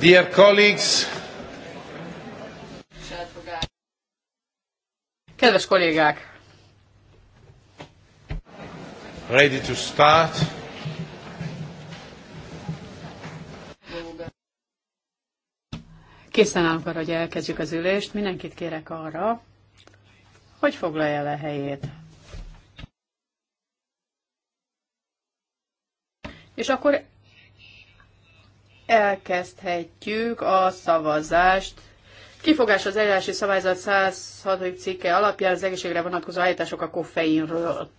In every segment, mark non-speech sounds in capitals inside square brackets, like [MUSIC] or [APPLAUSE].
Dear colleagues, Kedves kollégák! Ready to start. Készen állunk arra, hogy elkezdjük az ülést. Mindenkit kérek arra, hogy foglalja el a helyét. És akkor elkezdhetjük a szavazást. Kifogás az eljárási szabályzat 106. cikke alapján az egészségre vonatkozó állítások a koffeinről.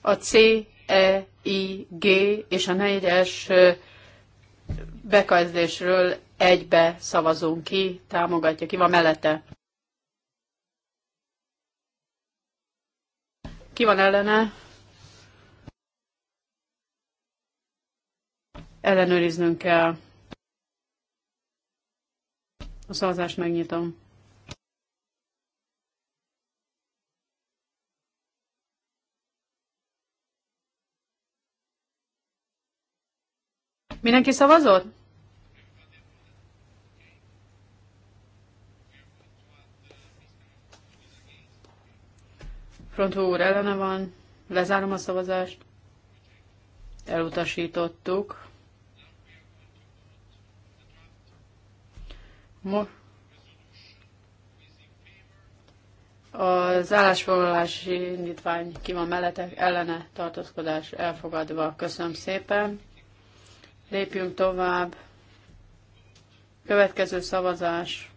A C, E, I, G és a 4-es bekezdésről egybe szavazunk ki, támogatja ki, van mellette. Ki van ellene? Ellenőriznünk kell. A szavazást megnyitom. Mindenki szavazott? Frontó úr ellene van, lezárom a szavazást, elutasítottuk. Most Az állásfoglalási indítvány ki van melletek, ellene tartózkodás elfogadva. Köszönöm szépen. Lépjünk tovább. Következő szavazás.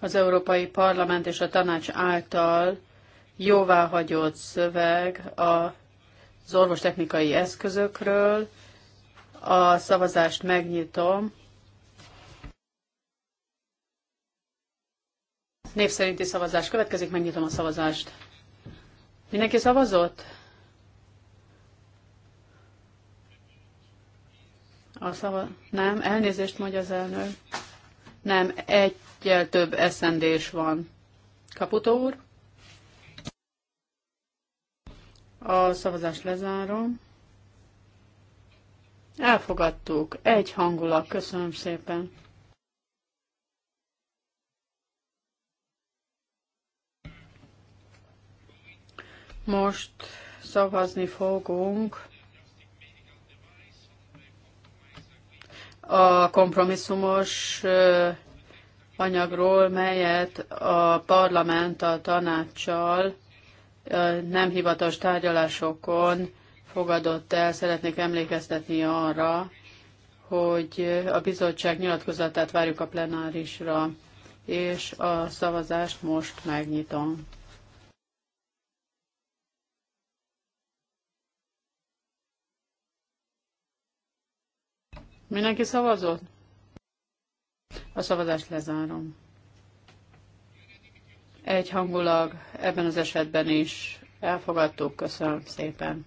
az Európai Parlament és a Tanács által jóváhagyott szöveg az orvostechnikai eszközökről. A szavazást megnyitom. Név szerinti szavazás következik, megnyitom a szavazást. Mindenki szavazott? A szava... Nem, elnézést mondja az elnök. Nem, egy Jel több eszendés van. Kaputó úr? A szavazást lezárom. Elfogadtuk. Egy hangulat. Köszönöm szépen. Most szavazni fogunk a kompromisszumos anyagról, melyet a parlament a tanácssal nem hivatalos tárgyalásokon fogadott el. Szeretnék emlékeztetni arra, hogy a bizottság nyilatkozatát várjuk a plenárisra, és a szavazást most megnyitom. Mindenki szavazott? A szavazást lezárom. Egyhangulag ebben az esetben is elfogadtuk. Köszönöm szépen.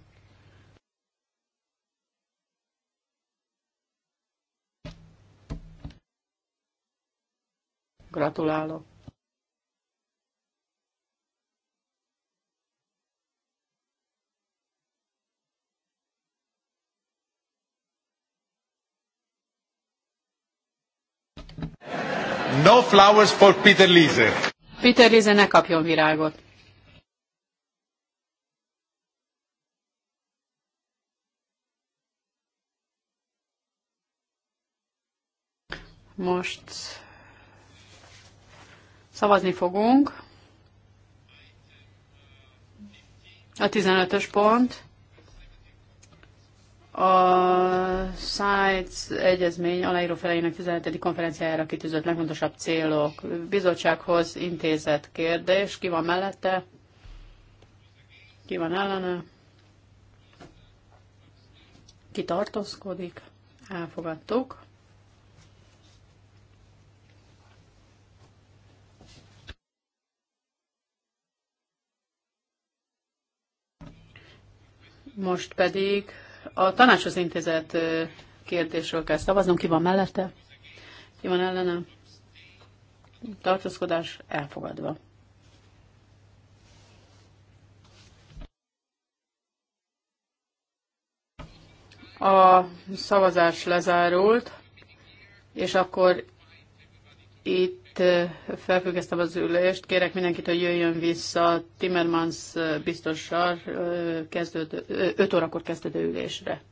Gratulálok. No flowers for Peter Lise. Peter Lise ne kapjon virágot. Most szavazni fogunk. A 15-ös pont a SZÁJC egyezmény aláíró feleinek 17. konferenciájára kitűzött legfontosabb célok. Bizottsághoz intézett kérdés, ki van mellette, ki van ellene, ki tartózkodik, elfogadtuk. Most pedig a tanácshoz intézett kérdésről kell szavaznom. Ki van mellette? Ki van ellene? Tartózkodás elfogadva. A szavazás lezárult, és akkor itt itt felfüggesztem az ülést, kérek mindenkit, hogy jöjjön vissza Timmermans biztossal kezdődő, 5 órakor kezdődő ülésre.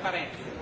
Parenti.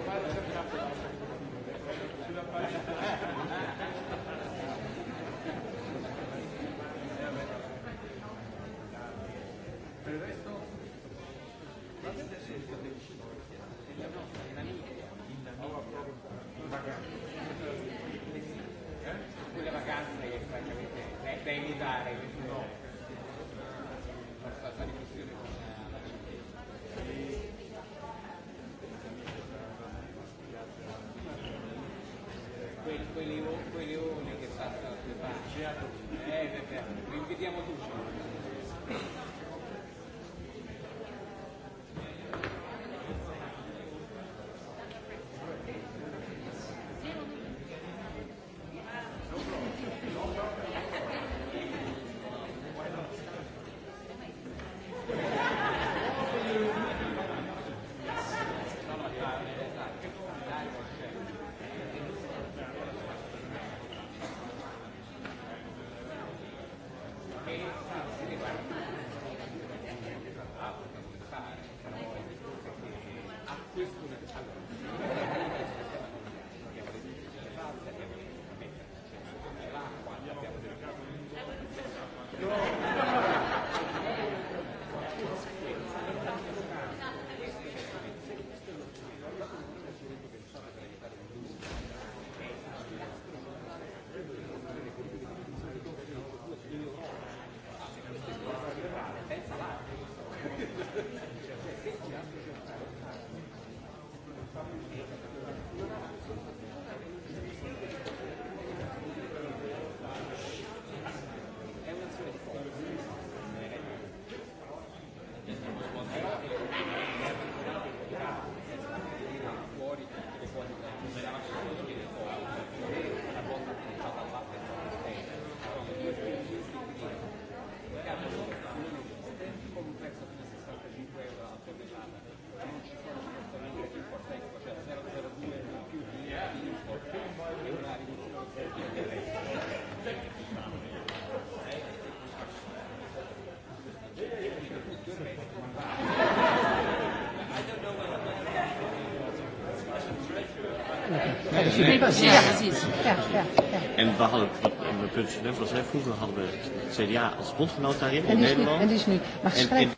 precies. Ja, precies. Ja, ja, ja. En we hadden, wat mijn punt was, hè, vroeger hadden we CDA als bondgenoot daarin en in Nederland. Nu, en die is nu, maar geschreven.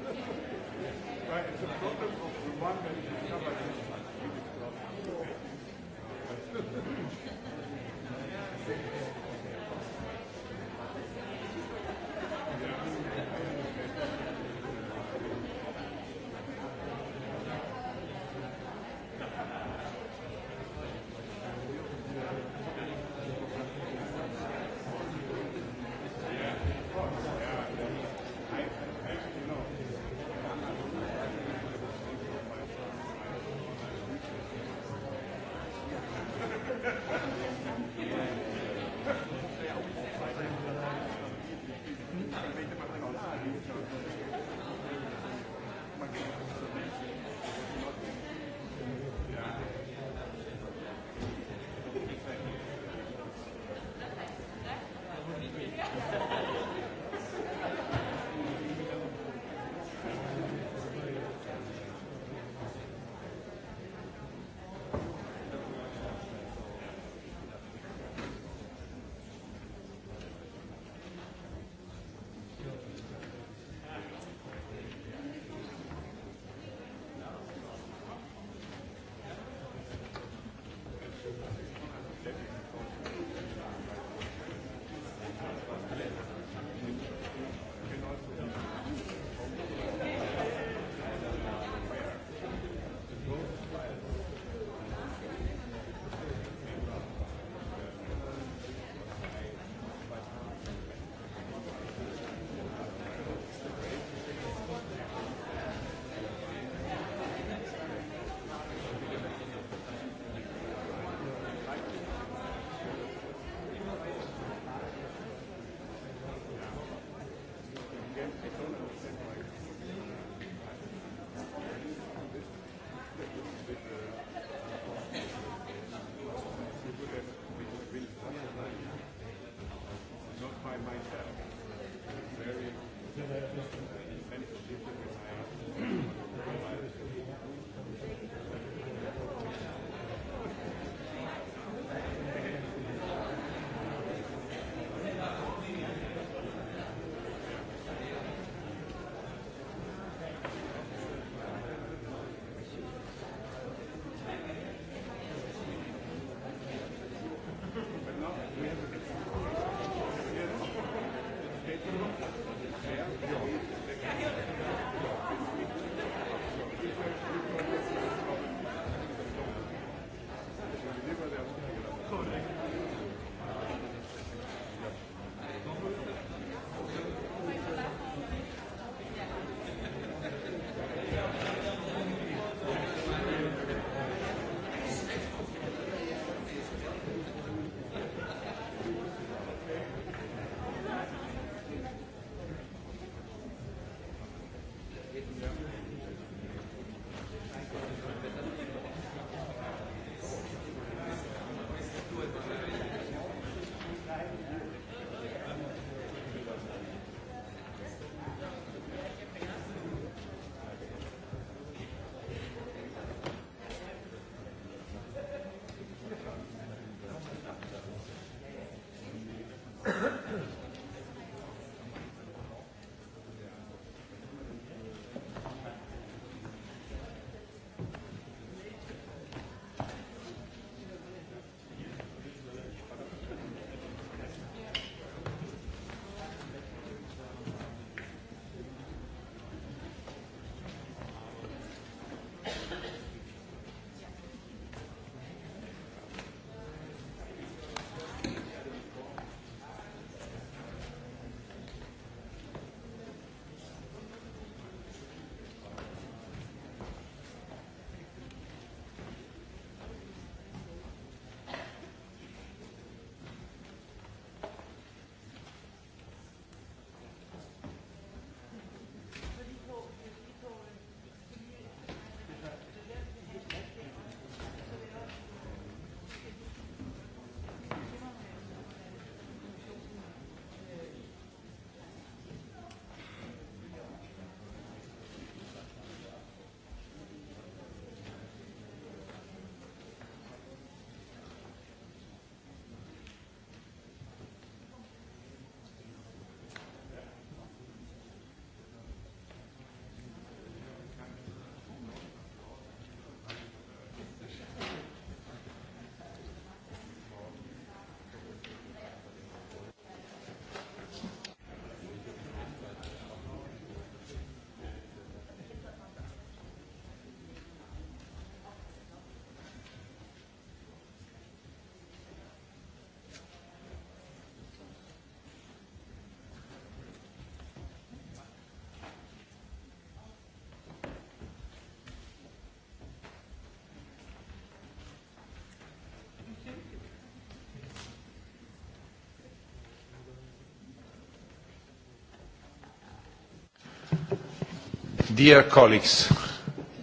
Dear colleagues,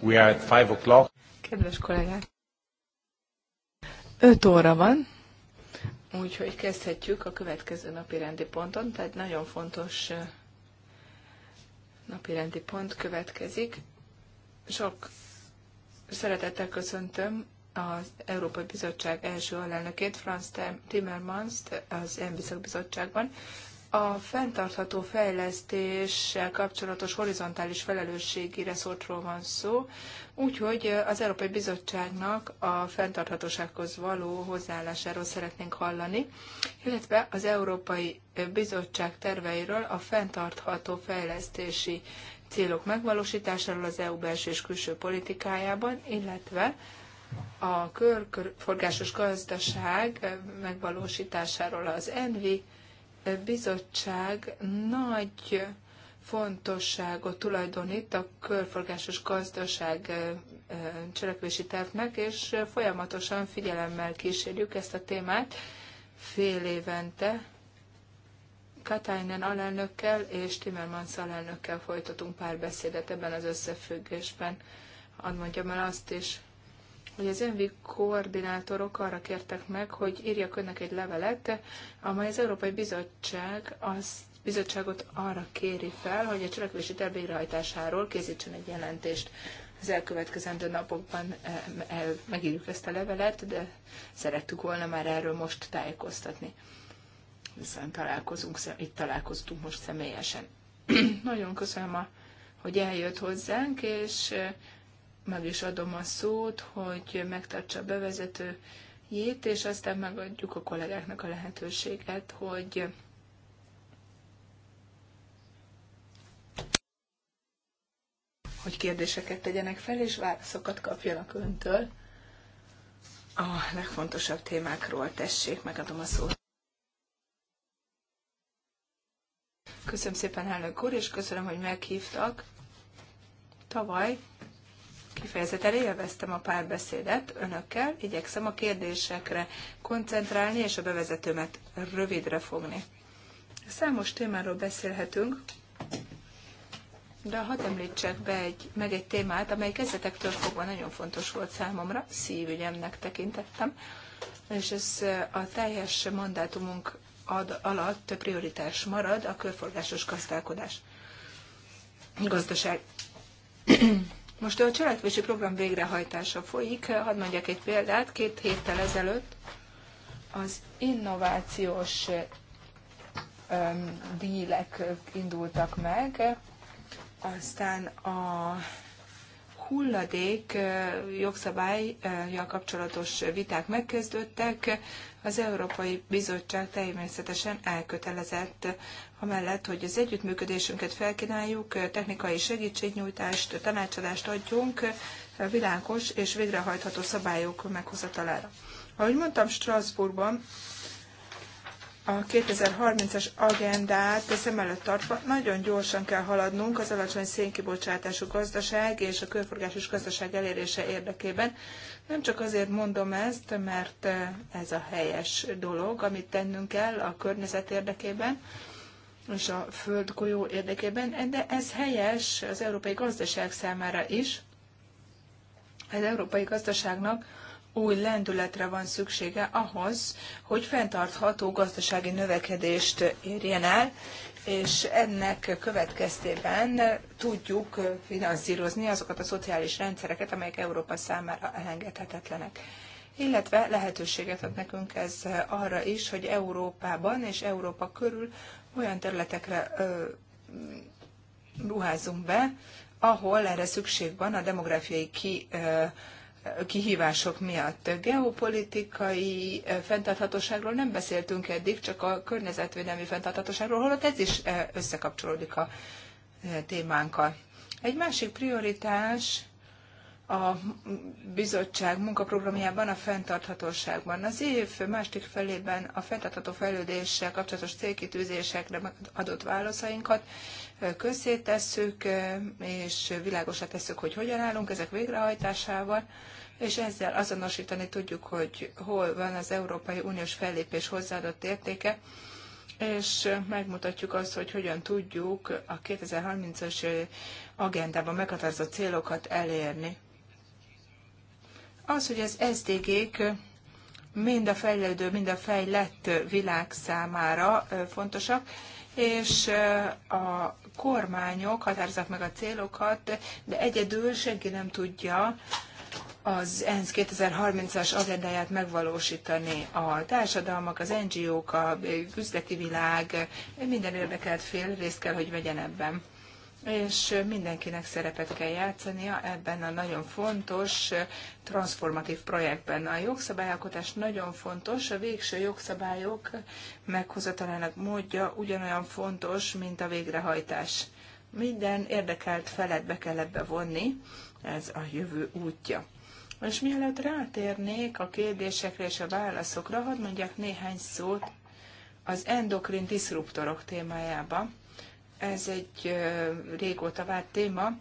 we are at five o'clock. Kedves kollégák, 5 óra van, úgyhogy kezdhetjük a következő napi rendi ponton, tehát nagyon fontos napi rendi pont következik. Sok szeretettel köszöntöm az Európai Bizottság első alelnökét, Franz Timmermans-t az Embiszak Bizottságban, a fenntartható fejlesztéssel kapcsolatos horizontális felelősségi reszortról van szó, úgyhogy az Európai Bizottságnak a fenntarthatósághoz való hozzáállásáról szeretnénk hallani, illetve az Európai Bizottság terveiről a fenntartható fejlesztési célok megvalósításáról az EU belső és külső politikájában, illetve a körforgásos gazdaság megvalósításáról az ENVI bizottság nagy fontosságot tulajdonít a körforgásos gazdaság cselekvési tervnek, és folyamatosan figyelemmel kísérjük ezt a témát fél évente. Katainen alelnökkel és Timmermans alelnökkel folytatunk pár beszédet ebben az összefüggésben. Hadd mondjam el azt is, hogy az envi koordinátorok arra kértek meg, hogy írjak önnek egy levelet, amely az Európai Bizottság az bizottságot arra kéri fel, hogy a cselekvési terv végrehajtásáról készítsen egy jelentést. Az elkövetkezendő napokban eh, megírjuk ezt a levelet, de szerettük volna már erről most tájékoztatni. Viszont találkozunk, itt találkoztunk most személyesen. [CLEARS THROAT] Nagyon köszönöm, a, hogy eljött hozzánk, és eh, meg is adom a szót, hogy megtartsa a bevezetőjét, és aztán megadjuk a kollégáknak a lehetőséget, hogy hogy kérdéseket tegyenek fel, és válaszokat kapjanak öntől a legfontosabb témákról. Tessék, megadom a szót. Köszönöm szépen, elnök úr, és köszönöm, hogy meghívtak. Tavaly Kifejezetten élveztem a párbeszédet önökkel, igyekszem a kérdésekre koncentrálni és a bevezetőmet rövidre fogni. Számos témáról beszélhetünk, de hadd említsek be egy, meg egy témát, amely kezdetektől fogva nagyon fontos volt számomra, szívügyemnek tekintettem, és ez a teljes mandátumunk ad, alatt prioritás marad a körforgásos gazdálkodás. Gazdaság. Most a cselekvési program végrehajtása folyik. Hadd mondjak egy példát. Két héttel ezelőtt az innovációs dílek indultak meg, aztán a hulladék jogszabályjal kapcsolatos viták megkezdődtek. Az Európai Bizottság természetesen elkötelezett amellett, hogy az együttműködésünket felkínáljuk, technikai segítségnyújtást, tanácsadást adjunk világos és végrehajtható szabályok meghozatalára. Ahogy mondtam, Strasbourgban a 2030-as agendát e szem előtt tartva nagyon gyorsan kell haladnunk az alacsony szénkibocsátású gazdaság és a körforgásos gazdaság elérése érdekében. Nem csak azért mondom ezt, mert e, ez a helyes dolog, amit tennünk kell a környezet érdekében, és a földgolyó érdekében, de ez helyes az európai gazdaság számára is. Az európai gazdaságnak új lendületre van szüksége ahhoz, hogy fenntartható gazdasági növekedést érjen el, és ennek következtében tudjuk finanszírozni azokat a szociális rendszereket, amelyek Európa számára elengedhetetlenek illetve lehetőséget ad nekünk ez arra is, hogy Európában és Európa körül olyan területekre ö, ruházunk be, ahol erre szükség van a demográfiai ki ö, kihívások miatt. Geopolitikai eh, fenntarthatóságról nem beszéltünk eddig, csak a környezetvédelmi fenntarthatóságról, holott ez is eh, összekapcsolódik a eh, témánkkal. Egy másik prioritás a bizottság munkaprogramjában a fenntarthatóságban. Az év másik felében a fenntartható fejlődéssel kapcsolatos célkitűzésekre adott válaszainkat közzétesszük, és világosra tesszük, hogy hogyan állunk ezek végrehajtásával, és ezzel azonosítani tudjuk, hogy hol van az Európai Uniós fellépés hozzáadott értéke, és megmutatjuk azt, hogy hogyan tudjuk a 2030-as agendában meghatározott célokat elérni az, hogy az SDG-k mind a fejlődő, mind a fejlett világ számára fontosak, és a kormányok határozzák meg a célokat, de egyedül senki nem tudja az ENSZ 2030-as agendáját megvalósítani. A társadalmak, az NGO-k, a üzleti világ, minden érdekelt fél részt kell, hogy vegyen ebben és mindenkinek szerepet kell játszania ebben a nagyon fontos transformatív projektben. A jogszabályalkotás nagyon fontos, a végső jogszabályok meghozatalának módja ugyanolyan fontos, mint a végrehajtás. Minden érdekelt felet be kell ebbe vonni, ez a jövő útja. És mielőtt rátérnék a kérdésekre és a válaszokra, hadd mondjak néhány szót az endokrin diszruptorok témájába ez egy régóta várt téma.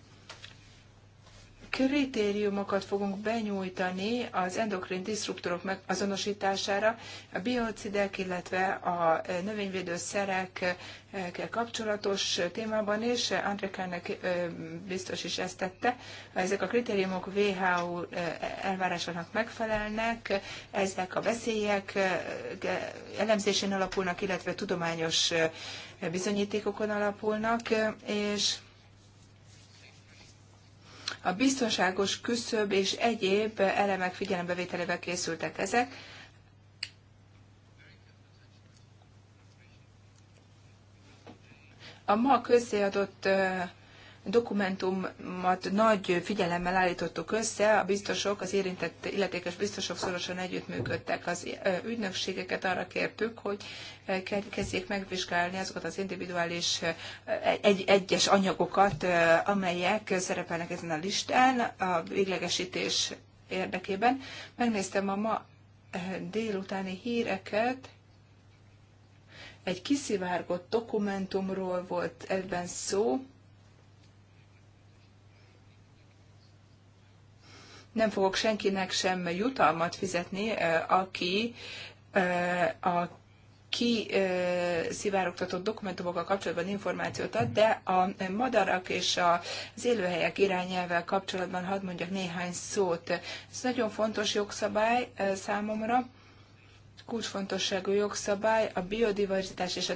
Kritériumokat fogunk benyújtani az endokrin diszruptorok azonosítására, a biocidek, illetve a növényvédőszerekkel kapcsolatos témában, és Andrekának biztos is ezt tette. Ezek a kritériumok WHO elvárásának megfelelnek, ezek a veszélyek elemzésén alapulnak, illetve tudományos bizonyítékokon alapulnak, és a biztonságos küszöb és egyéb elemek figyelembevételével készültek ezek. A ma közzéadott dokumentumot nagy figyelemmel állítottuk össze, a biztosok, az érintett illetékes biztosok szorosan együttműködtek. Az ügynökségeket arra kértük, hogy kezdjék megvizsgálni azokat az individuális egy, egyes anyagokat, amelyek szerepelnek ezen a listán a véglegesítés érdekében. Megnéztem a ma délutáni híreket, egy kiszivárgott dokumentumról volt ebben szó, nem fogok senkinek sem jutalmat fizetni, aki, a ki szivárogtatott dokumentumokkal kapcsolatban információt ad, de a madarak és az élőhelyek irányelvel kapcsolatban hadd mondjak néhány szót. Ez nagyon fontos jogszabály számomra kulcsfontosságú jogszabály, a biodiverzitás és a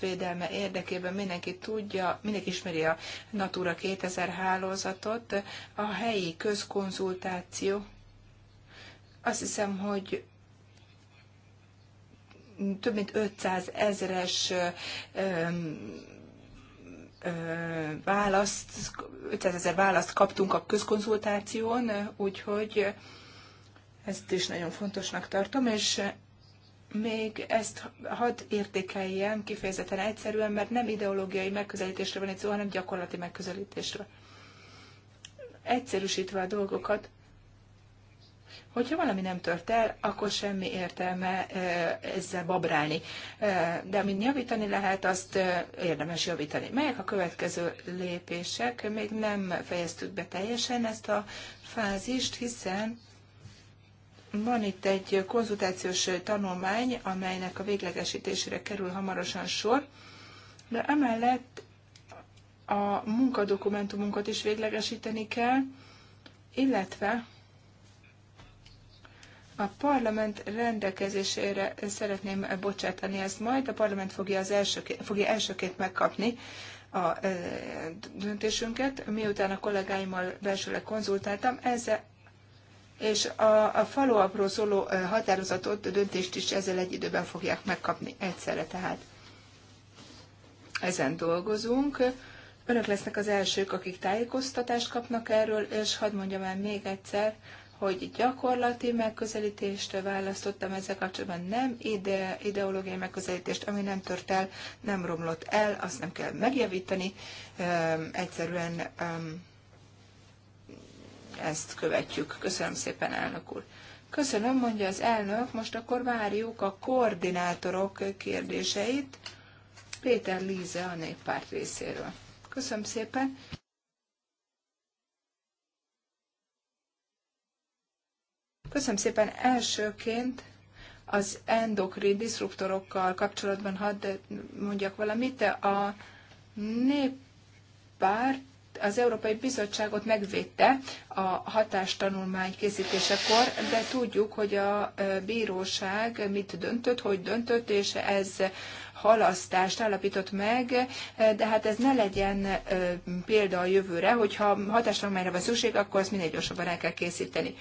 védelme érdekében mindenki tudja, mindenki ismeri a Natura 2000 hálózatot, a helyi közkonzultáció. Azt hiszem, hogy több mint 500 ezeres választ, 500 ezer választ kaptunk a közkonzultáción, úgyhogy ezt is nagyon fontosnak tartom, és még ezt hadd értékeljem kifejezetten egyszerűen, mert nem ideológiai megközelítésre van itt szó, hanem gyakorlati megközelítésre. Egyszerűsítve a dolgokat, hogyha valami nem tört el, akkor semmi értelme e, ezzel babrálni. E, de amit javítani lehet, azt e, érdemes javítani. Melyek a következő lépések? Még nem fejeztük be teljesen ezt a fázist, hiszen van itt egy konzultációs tanulmány, amelynek a véglegesítésére kerül hamarosan sor, de emellett a munkadokumentumunkat is véglegesíteni kell, illetve a parlament rendelkezésére szeretném bocsátani ezt majd. A parlament fogja, az elsőként, fogja elsőként megkapni a e, döntésünket, miután a kollégáimmal belsőleg konzultáltam. Ezzel és a, a follow szóló határozatot, döntést is ezzel egy időben fogják megkapni egyszerre, tehát ezen dolgozunk. Önök lesznek az elsők, akik tájékoztatást kapnak erről, és hadd mondjam el még egyszer, hogy gyakorlati megközelítést választottam ezzel kapcsolatban, nem ide, ideológiai megközelítést, ami nem tört el, nem romlott el, azt nem kell megjavítani, um, egyszerűen um, ezt követjük. Köszönöm szépen, elnök úr. Köszönöm, mondja az elnök. Most akkor várjuk a koordinátorok kérdéseit. Péter Líze a néppárt részéről. Köszönöm szépen. Köszönöm szépen. Elsőként az endokrin diszruptorokkal kapcsolatban hadd mondjak valamit. A néppárt az Európai Bizottságot megvédte a hatástanulmány készítésekor, de tudjuk, hogy a bíróság mit döntött, hogy döntött, és ez halasztást állapított meg, de hát ez ne legyen példa a jövőre, hogyha hatástanulmányra van szükség, akkor azt minél gyorsabban el kell készíteni.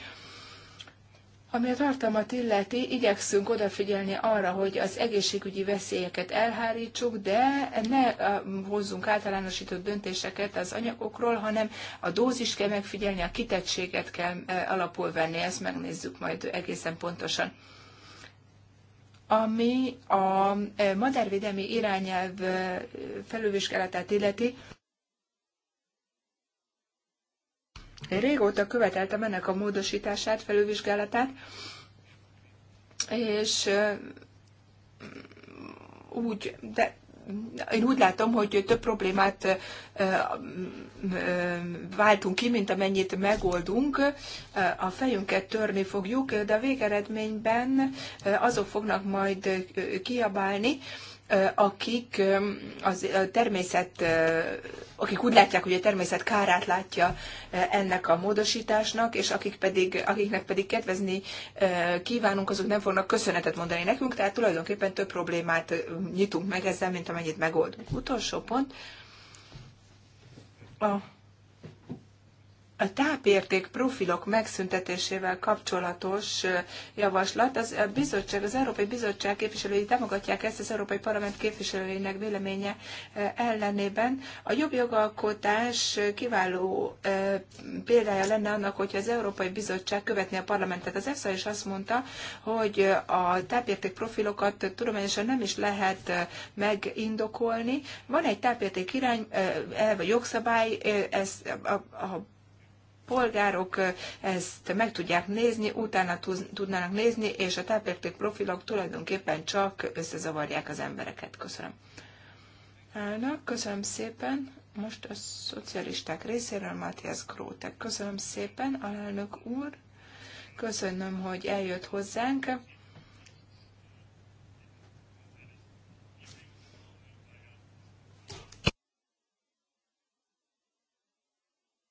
Ami a tartalmat illeti, igyekszünk odafigyelni arra, hogy az egészségügyi veszélyeket elhárítsuk, de ne hozzunk általánosított döntéseket az anyagokról, hanem a dózis kell megfigyelni, a kitettséget kell alapul venni, ezt megnézzük majd egészen pontosan. Ami a madárvédelmi irányelv felülvizsgálatát illeti, Én régóta követeltem ennek a módosítását, felülvizsgálatát, és úgy, de én úgy látom, hogy több problémát váltunk ki, mint amennyit megoldunk. A fejünket törni fogjuk, de a végeredményben azok fognak majd kiabálni, akik az természet, akik úgy látják, hogy a természet kárát látja ennek a módosításnak, és akik pedig, akiknek pedig kedvezni kívánunk, azok nem fognak köszönetet mondani nekünk, tehát tulajdonképpen több problémát nyitunk meg ezzel, mint amennyit megoldunk. Utolsó pont. A a tápérték profilok megszüntetésével kapcsolatos javaslat, az a bizottság, az Európai Bizottság képviselői támogatják ezt az Európai Parlament képviselőinek véleménye ellenében. A jobb jogalkotás kiváló példája lenne annak, hogyha az Európai Bizottság követné a parlamentet. Az EFSA is azt mondta, hogy a tápérték profilokat tudományosan nem is lehet megindokolni. Van egy tápérték irány, elv a jogszabály, ez a, a polgárok ezt meg tudják nézni, utána tudnának nézni, és a táplálék profilok tulajdonképpen csak összezavarják az embereket. Köszönöm. Na, köszönöm szépen. Most a szocialisták részéről Matthias Krótek Köszönöm szépen, alelnök úr. Köszönöm, hogy eljött hozzánk.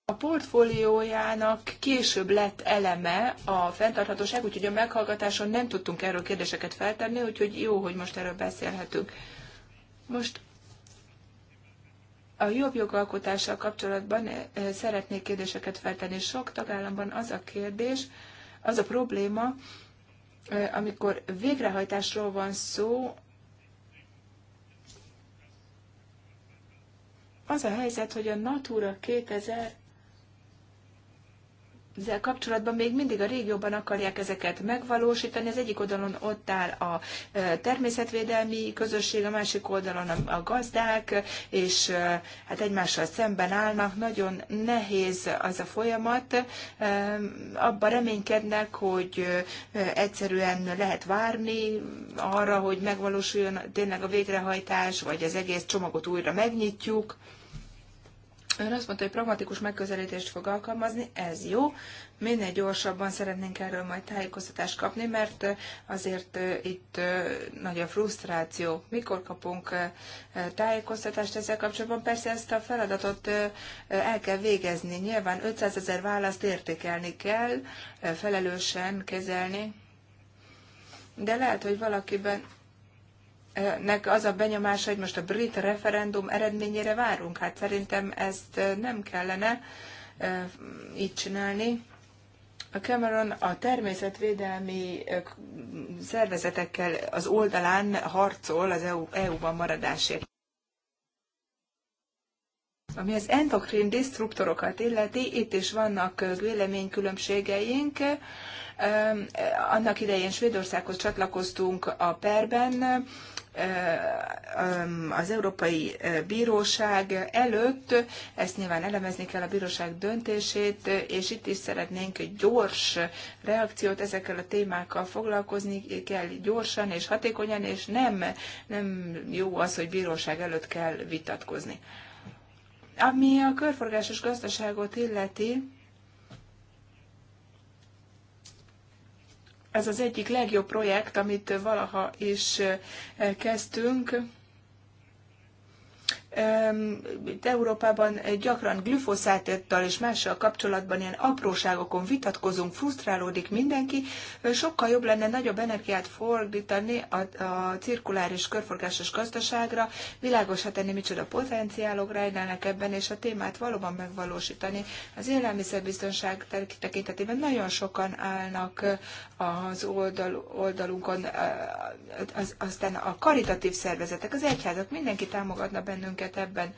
a portfóliójának később lett eleme a fenntarthatóság, úgyhogy a meghallgatáson nem tudtunk erről kérdéseket feltenni, úgyhogy jó, hogy most erről beszélhetünk. Most a jobb jogalkotással kapcsolatban eh, eh, szeretnék kérdéseket feltenni. Sok tagállamban az a kérdés, az a probléma, eh, amikor végrehajtásról van szó, az a helyzet, hogy a Natura 2000 ezzel kapcsolatban még mindig a régióban akarják ezeket megvalósítani. Az egyik oldalon ott áll a természetvédelmi közösség, a másik oldalon a gazdák, és hát egymással szemben állnak. Nagyon nehéz az a folyamat. Abba reménykednek, hogy egyszerűen lehet várni arra, hogy megvalósuljon tényleg a végrehajtás, vagy az egész csomagot újra megnyitjuk. Ön azt mondta, hogy pragmatikus megközelítést fog alkalmazni, ez jó. Minél gyorsabban szeretnénk erről majd tájékoztatást kapni, mert azért itt nagy a frusztráció. Mikor kapunk tájékoztatást ezzel kapcsolatban? Persze ezt a feladatot el kell végezni. Nyilván 500 ezer választ értékelni kell, felelősen kezelni. De lehet, hogy valakiben nek az a benyomása, hogy most a brit referendum eredményére várunk. Hát szerintem ezt nem kellene így csinálni. A Cameron a természetvédelmi szervezetekkel az oldalán harcol az EU-ban e maradásért. Ami az endokrin disztruktorokat illeti, itt is vannak véleménykülönbségeink. Annak idején Svédországhoz csatlakoztunk a perben, az Európai Bíróság előtt. Ezt nyilván elemezni kell a bíróság döntését, és itt is szeretnénk egy gyors reakciót ezekkel a témákkal foglalkozni kell gyorsan és hatékonyan, és nem, nem jó az, hogy bíróság előtt kell vitatkozni. Ami a körforgásos gazdaságot illeti, ez az egyik legjobb projekt, amit valaha is eh, kezdtünk. Itt Európában gyakran glüfoszátettal és mással kapcsolatban ilyen apróságokon vitatkozunk, frusztrálódik mindenki. Sokkal jobb lenne nagyobb energiát fordítani a, a cirkuláris körforgásos gazdaságra, világosá tenni, micsoda potenciálok rejlenek ebben, és a témát valóban megvalósítani. Az élelmiszerbiztonság tekintetében nagyon sokan állnak az oldal, oldalunkon, az, aztán a karitatív szervezetek, az egyházak, mindenki támogatna bennünket minket ebben.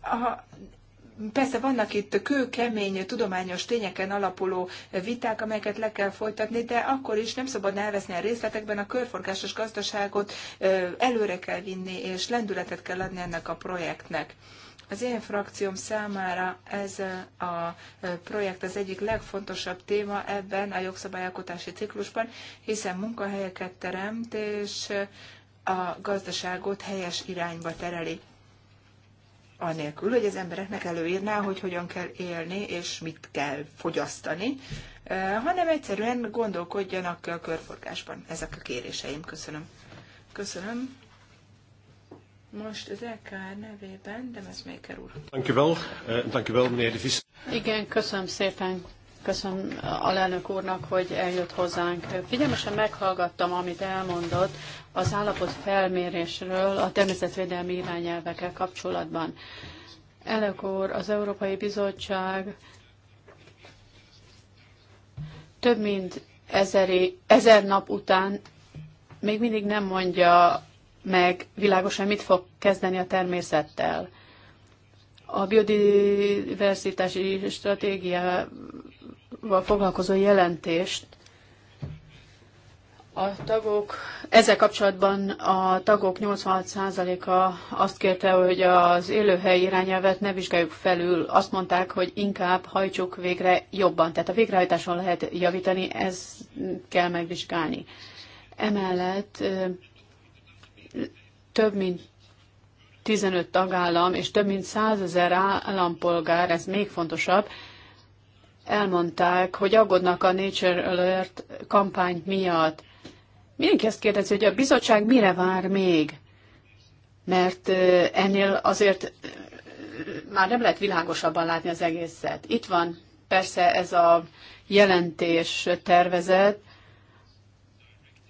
Aha. Persze vannak itt kőkemény, tudományos tényeken alapuló viták, amelyeket le kell folytatni, de akkor is nem szabad elveszni a részletekben, a körforgásos gazdaságot előre kell vinni, és lendületet kell adni ennek a projektnek. Az én frakcióm számára ez a projekt az egyik legfontosabb téma ebben a jogszabályalkotási ciklusban, hiszen munkahelyeket teremt, és a gazdaságot helyes irányba tereli. Anélkül, hogy az embereknek előírná, hogy hogyan kell élni, és mit kell fogyasztani, hanem egyszerűen gondolkodjanak a körforgásban. Ezek a kéréseim. Köszönöm. Köszönöm. Most az LKR nevében, de ez még kerül. Dankjewel, eh, dankjewel meneer de Igen, köszönöm szépen. Köszönöm lelnök úrnak, hogy eljött hozzánk. Figyelmesen meghallgattam, amit elmondott az állapot felmérésről a természetvédelmi irányelvekkel kapcsolatban. Elnök úr, az Európai Bizottság több mint ezeri, ezer nap után még mindig nem mondja meg világosan mit fog kezdeni a természettel. A biodiverzitási stratégiával foglalkozó jelentést a tagok, ezzel kapcsolatban a tagok 86%-a azt kérte, hogy az élőhely irányelvet ne vizsgáljuk felül. Azt mondták, hogy inkább hajtsuk végre jobban. Tehát a végrehajtáson lehet javítani, ezt kell megvizsgálni. Emellett több mint 15 tagállam és több mint 100 ezer állampolgár, ez még fontosabb, elmondták, hogy aggódnak a Nature Alert kampány miatt. Mindenki ezt kérdezi, hogy a bizottság mire vár még? Mert ennél azért már nem lehet világosabban látni az egészet. Itt van persze ez a jelentés tervezet,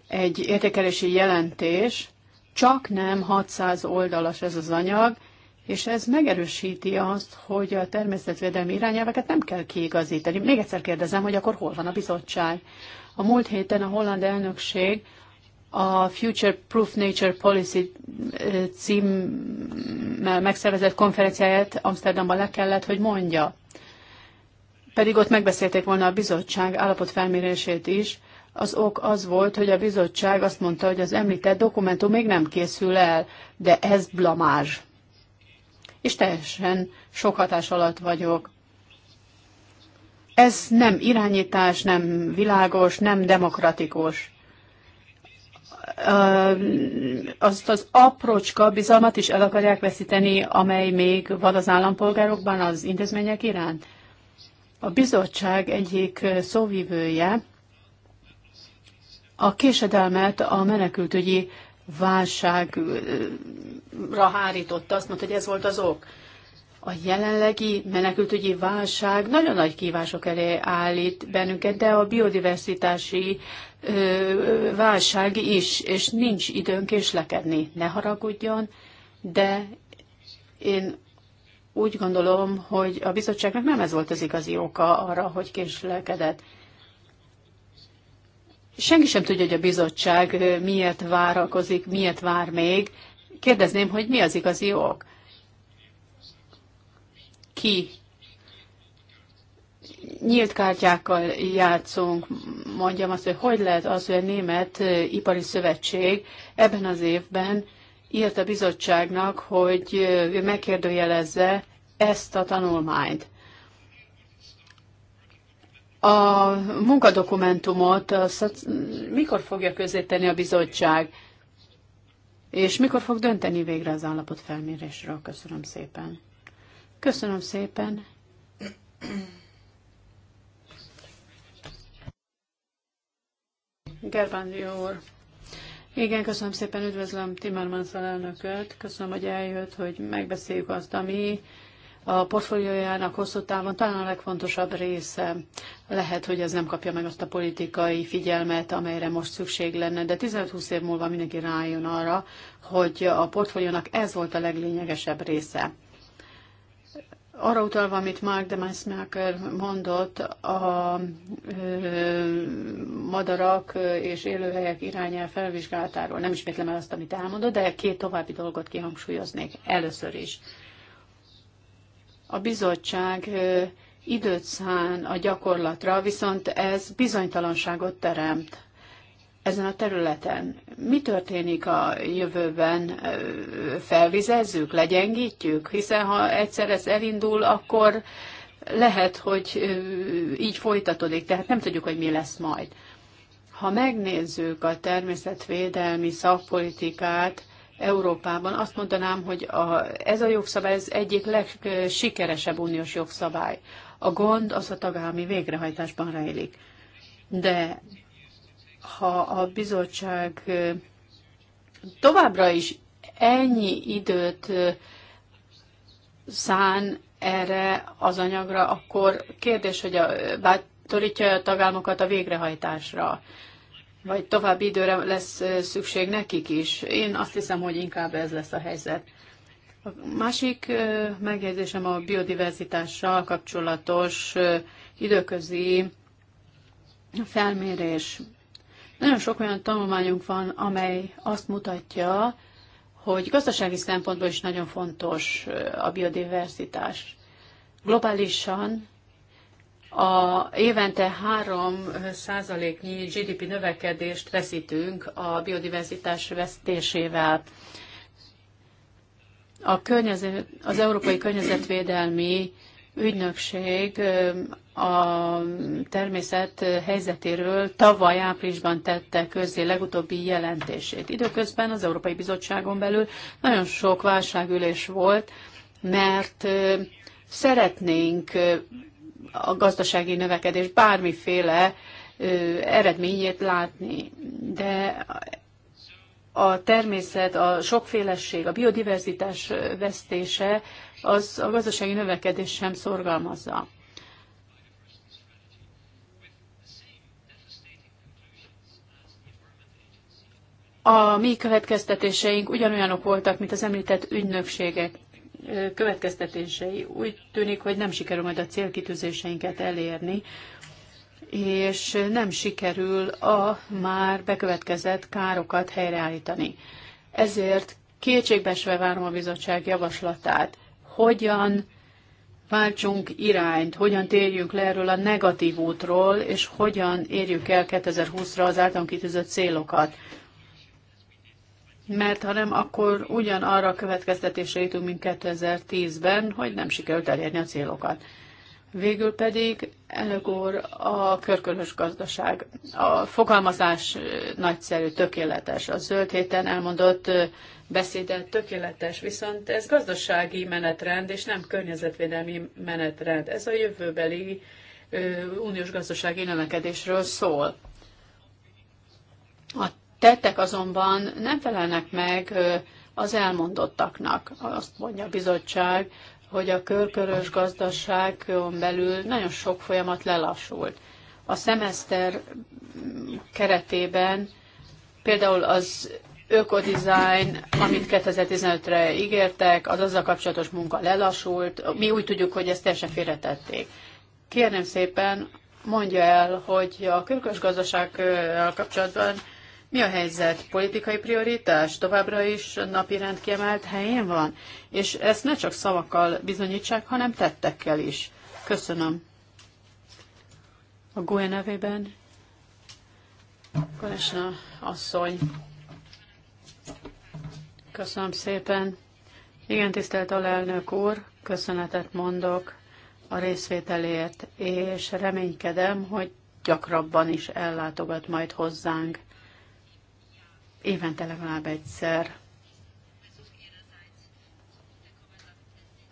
egy értékelési jelentés, csak nem 600 oldalas ez az anyag, és ez megerősíti azt, hogy a természetvédelmi irányelveket nem kell kiigazítani. Még egyszer kérdezem, hogy akkor hol van a bizottság? A múlt héten a holland elnökség a Future Proof Nature Policy eh, címmel megszervezett konferenciáját Amsterdamban le kellett, hogy mondja. Pedig ott megbeszélték volna a bizottság állapotfelmérését is, az ok az volt, hogy a bizottság azt mondta, hogy az említett dokumentum még nem készül el, de ez blamás. És teljesen sok hatás alatt vagyok. Ez nem irányítás, nem világos, nem demokratikus azt az aprócska bizalmat is el akarják veszíteni, amely még van az állampolgárokban az intézmények iránt. A bizottság egyik szóvivője a késedelmet a menekültügyi válságra hárította, azt mondta, hogy ez volt az ok. A jelenlegi menekültügyi válság nagyon nagy kívások elé állít bennünket, de a biodiversitási ö, válság is, és nincs időnk késlekedni. Ne haragudjon, de én úgy gondolom, hogy a bizottságnak nem ez volt az igazi oka arra, hogy késlekedett. Senki sem tudja, hogy a bizottság miért várakozik, miért vár még. Kérdezném, hogy mi az igazi ok? Ki? Nyílt kártyákkal játszunk, mondjam azt, hogy hogy lehet az, hogy a Német Ipari Szövetség ebben az évben írt a bizottságnak, hogy megkérdőjelezze ezt a tanulmányt. A munkadokumentumot a mikor fogja közéteni a bizottság, és mikor fog dönteni végre az állapotfelmérésről? Köszönöm szépen. Köszönöm szépen. Gerbándi úr. Igen, köszönöm szépen, üdvözlöm Timmermans elnököt. köszönöm, hogy eljött, hogy megbeszéljük azt, ami a portfóliójának hosszú távon talán a legfontosabb része. Lehet, hogy ez nem kapja meg azt a politikai figyelmet, amelyre most szükség lenne, de 15-20 év múlva mindenki rájön arra, hogy a portfóliónak ez volt a leglényegesebb része. Arra utalva, amit Mark de Meissmaker mondott, a ö, madarak és élőhelyek irányel felvizsgálatáról, nem ismétlem el azt, amit elmondott, de két további dolgot kihangsúlyoznék először is a bizottság időt szán a gyakorlatra, viszont ez bizonytalanságot teremt ezen a területen. Mi történik a jövőben? Felvizezzük, legyengítjük? Hiszen ha egyszer ez elindul, akkor lehet, hogy így folytatódik, tehát nem tudjuk, hogy mi lesz majd. Ha megnézzük a természetvédelmi szakpolitikát, Európában. Azt mondanám, hogy a, ez a jogszabály az egyik legsikeresebb uniós jogszabály. A gond az a tagállami végrehajtásban rejlik. De ha a bizottság továbbra is ennyi időt szán erre az anyagra, akkor kérdés, hogy a, bátorítja a tagállamokat a végrehajtásra vagy további időre lesz szükség nekik is. Én azt hiszem, hogy inkább ez lesz a helyzet. A másik megjegyzésem a biodiverzitással kapcsolatos időközi felmérés. Nagyon sok olyan tanulmányunk van, amely azt mutatja, hogy gazdasági szempontból is nagyon fontos a biodiverzitás. Globálisan a évente 3 százaléknyi GDP növekedést veszítünk a biodiverzitás vesztésével. A környezet, az Európai Környezetvédelmi Ügynökség a természet helyzetéről tavaly áprilisban tette közzé legutóbbi jelentését. Időközben az Európai Bizottságon belül nagyon sok válságülés volt, mert szeretnénk a gazdasági növekedés bármiféle eredményét látni. De a természet, a sokféleség, a biodiverzitás vesztése az a gazdasági növekedés sem szorgalmazza. A mi következtetéseink ugyanolyanok voltak, mint az említett ügynökségek következtetései. Úgy tűnik, hogy nem sikerül majd a célkitűzéseinket elérni, és nem sikerül a már bekövetkezett károkat helyreállítani. Ezért kétségbesve várom a bizottság javaslatát, hogyan váltsunk irányt, hogyan térjünk le erről a negatív útról, és hogyan érjük el 2020-ra az általunk kitűzött célokat mert ha nem, akkor ugyanarra a következtetésre jutunk, mint 2010-ben, hogy nem sikerült elérni a célokat. Végül pedig, elnök úr, a körkörös gazdaság. A fogalmazás nagyszerű, tökéletes. A zöld héten elmondott beszéde tökéletes, viszont ez gazdasági menetrend, és nem környezetvédelmi menetrend. Ez a jövőbeli uniós gazdasági növekedésről szól. A tettek azonban nem felelnek meg az elmondottaknak. Azt mondja a bizottság, hogy a körkörös gazdaságon belül nagyon sok folyamat lelassult. A szemeszter keretében például az ökodizájn, amit 2015-re ígértek, az azzal kapcsolatos munka lelassult. Mi úgy tudjuk, hogy ezt teljesen félretették. Kérném szépen, mondja el, hogy a körkörös gazdasággal kapcsolatban mi a helyzet? Politikai prioritás továbbra is napirend kiemelt helyén van? És ezt ne csak szavakkal bizonyítsák, hanem tettekkel is. Köszönöm. A GUE nevében Kolesna asszony. Köszönöm szépen. Igen, tisztelt alelnök úr, köszönetet mondok a részvételért, és reménykedem, hogy gyakrabban is ellátogat majd hozzánk évente legalább egyszer.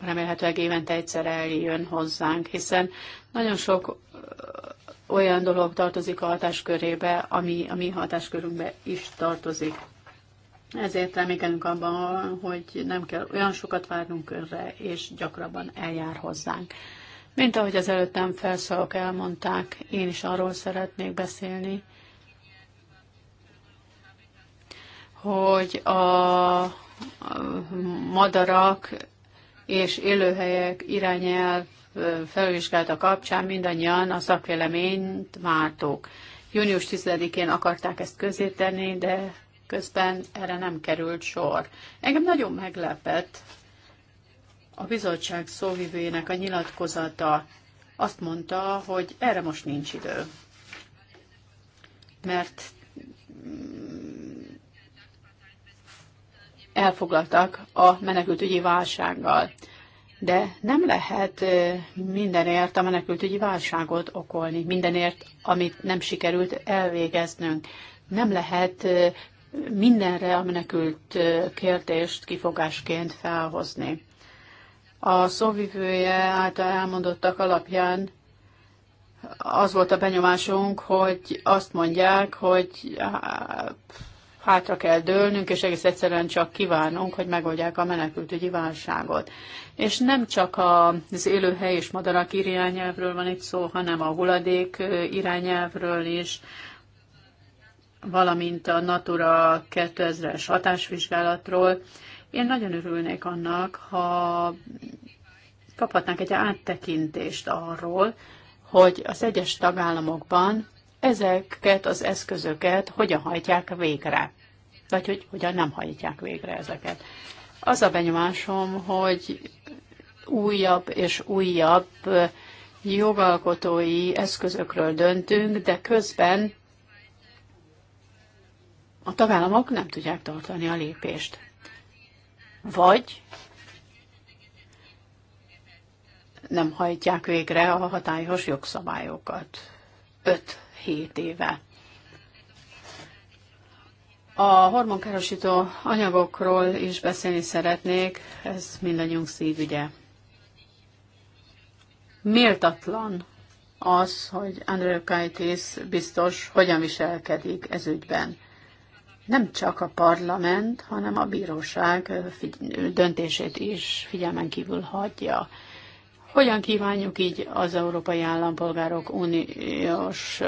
Remélhetőleg évente egyszer eljön hozzánk, hiszen nagyon sok olyan dolog tartozik a hatáskörébe, ami a mi hatáskörünkbe is tartozik. Ezért reménykedünk abban, hogy nem kell olyan sokat várnunk önre, és gyakrabban eljár hozzánk. Mint ahogy az előttem felszólok elmondták, én is arról szeretnék beszélni, hogy a madarak és élőhelyek irányelv felvizsgálta kapcsán mindannyian a szakvéleményt vártuk. Június 10-én akarták ezt közé tenni, de közben erre nem került sor. Engem nagyon meglepett a bizottság szóvivőjének a nyilatkozata. Azt mondta, hogy erre most nincs idő. Mert elfoglaltak a menekültügyi válsággal. De nem lehet mindenért a menekültügyi válságot okolni, mindenért, amit nem sikerült elvégeznünk. Nem lehet mindenre a menekült kérdést kifogásként felhozni. A szóvivője által elmondottak alapján az volt a benyomásunk, hogy azt mondják, hogy hátra kell dőlnünk, és egész egyszerűen csak kívánunk, hogy megoldják a menekültügyi válságot. És nem csak az élőhely és madarak irányelvről van itt szó, hanem a hulladék irányelvről is, valamint a Natura 2000-es hatásvizsgálatról. Én nagyon örülnék annak, ha kaphatnánk egy áttekintést arról, hogy az egyes tagállamokban ezeket az eszközöket hogyan hajtják végre vagy hogy hogyan nem hajtják végre ezeket. Az a benyomásom, hogy újabb és újabb eh, jogalkotói eszközökről döntünk, de közben a tagállamok nem tudják tartani a lépést. Vagy nem hajtják végre a hatályos jogszabályokat 5-7 éve. A hormonkárosító anyagokról is beszélni szeretnék, ez mindannyiunk szívügye. Méltatlan az, hogy Andreukaitis biztos hogyan viselkedik ez ügyben. Nem csak a parlament, hanem a bíróság döntését is figyelmen kívül hagyja. Hogyan kívánjuk így az Európai Állampolgárok uniós,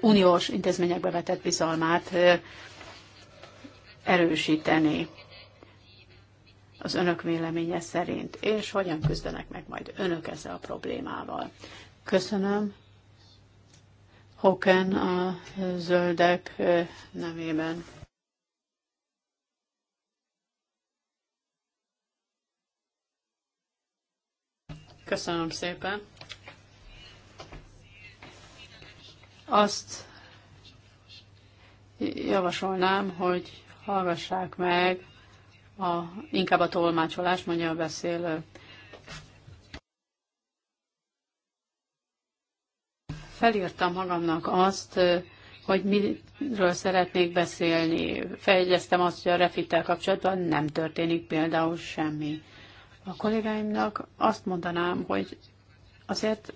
uniós intézményekbe vetett bizalmát erősíteni az önök véleménye szerint, és hogyan küzdenek meg majd önök ezzel a problémával. Köszönöm. Hoken a zöldek nevében. Köszönöm szépen. Azt javasolnám, hogy hallgassák meg a, inkább a tolmácsolás, mondja a beszélő. Felírtam magamnak azt, hogy miről szeretnék beszélni. Fejegyeztem azt, hogy a refittel kapcsolatban nem történik például semmi. A kollégáimnak azt mondanám, hogy azért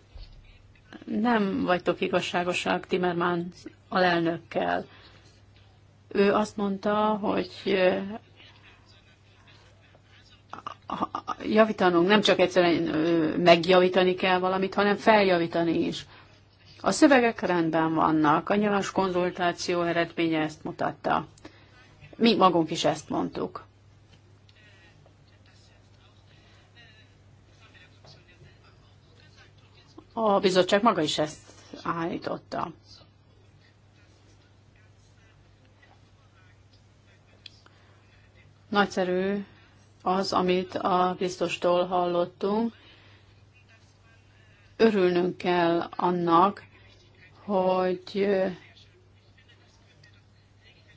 nem vagytok igazságosak Timmermans alelnökkel. Ő azt mondta, hogy eh, javítanunk, nem csak egyszerűen megjavítani kell valamit, hanem feljavítani is. A szövegek rendben vannak, a nyilas konzultáció eredménye ezt mutatta. Mi magunk is ezt mondtuk. A bizottság maga is ezt állította. Nagyszerű az, amit a Krisztustól hallottunk. Örülnünk kell annak, hogy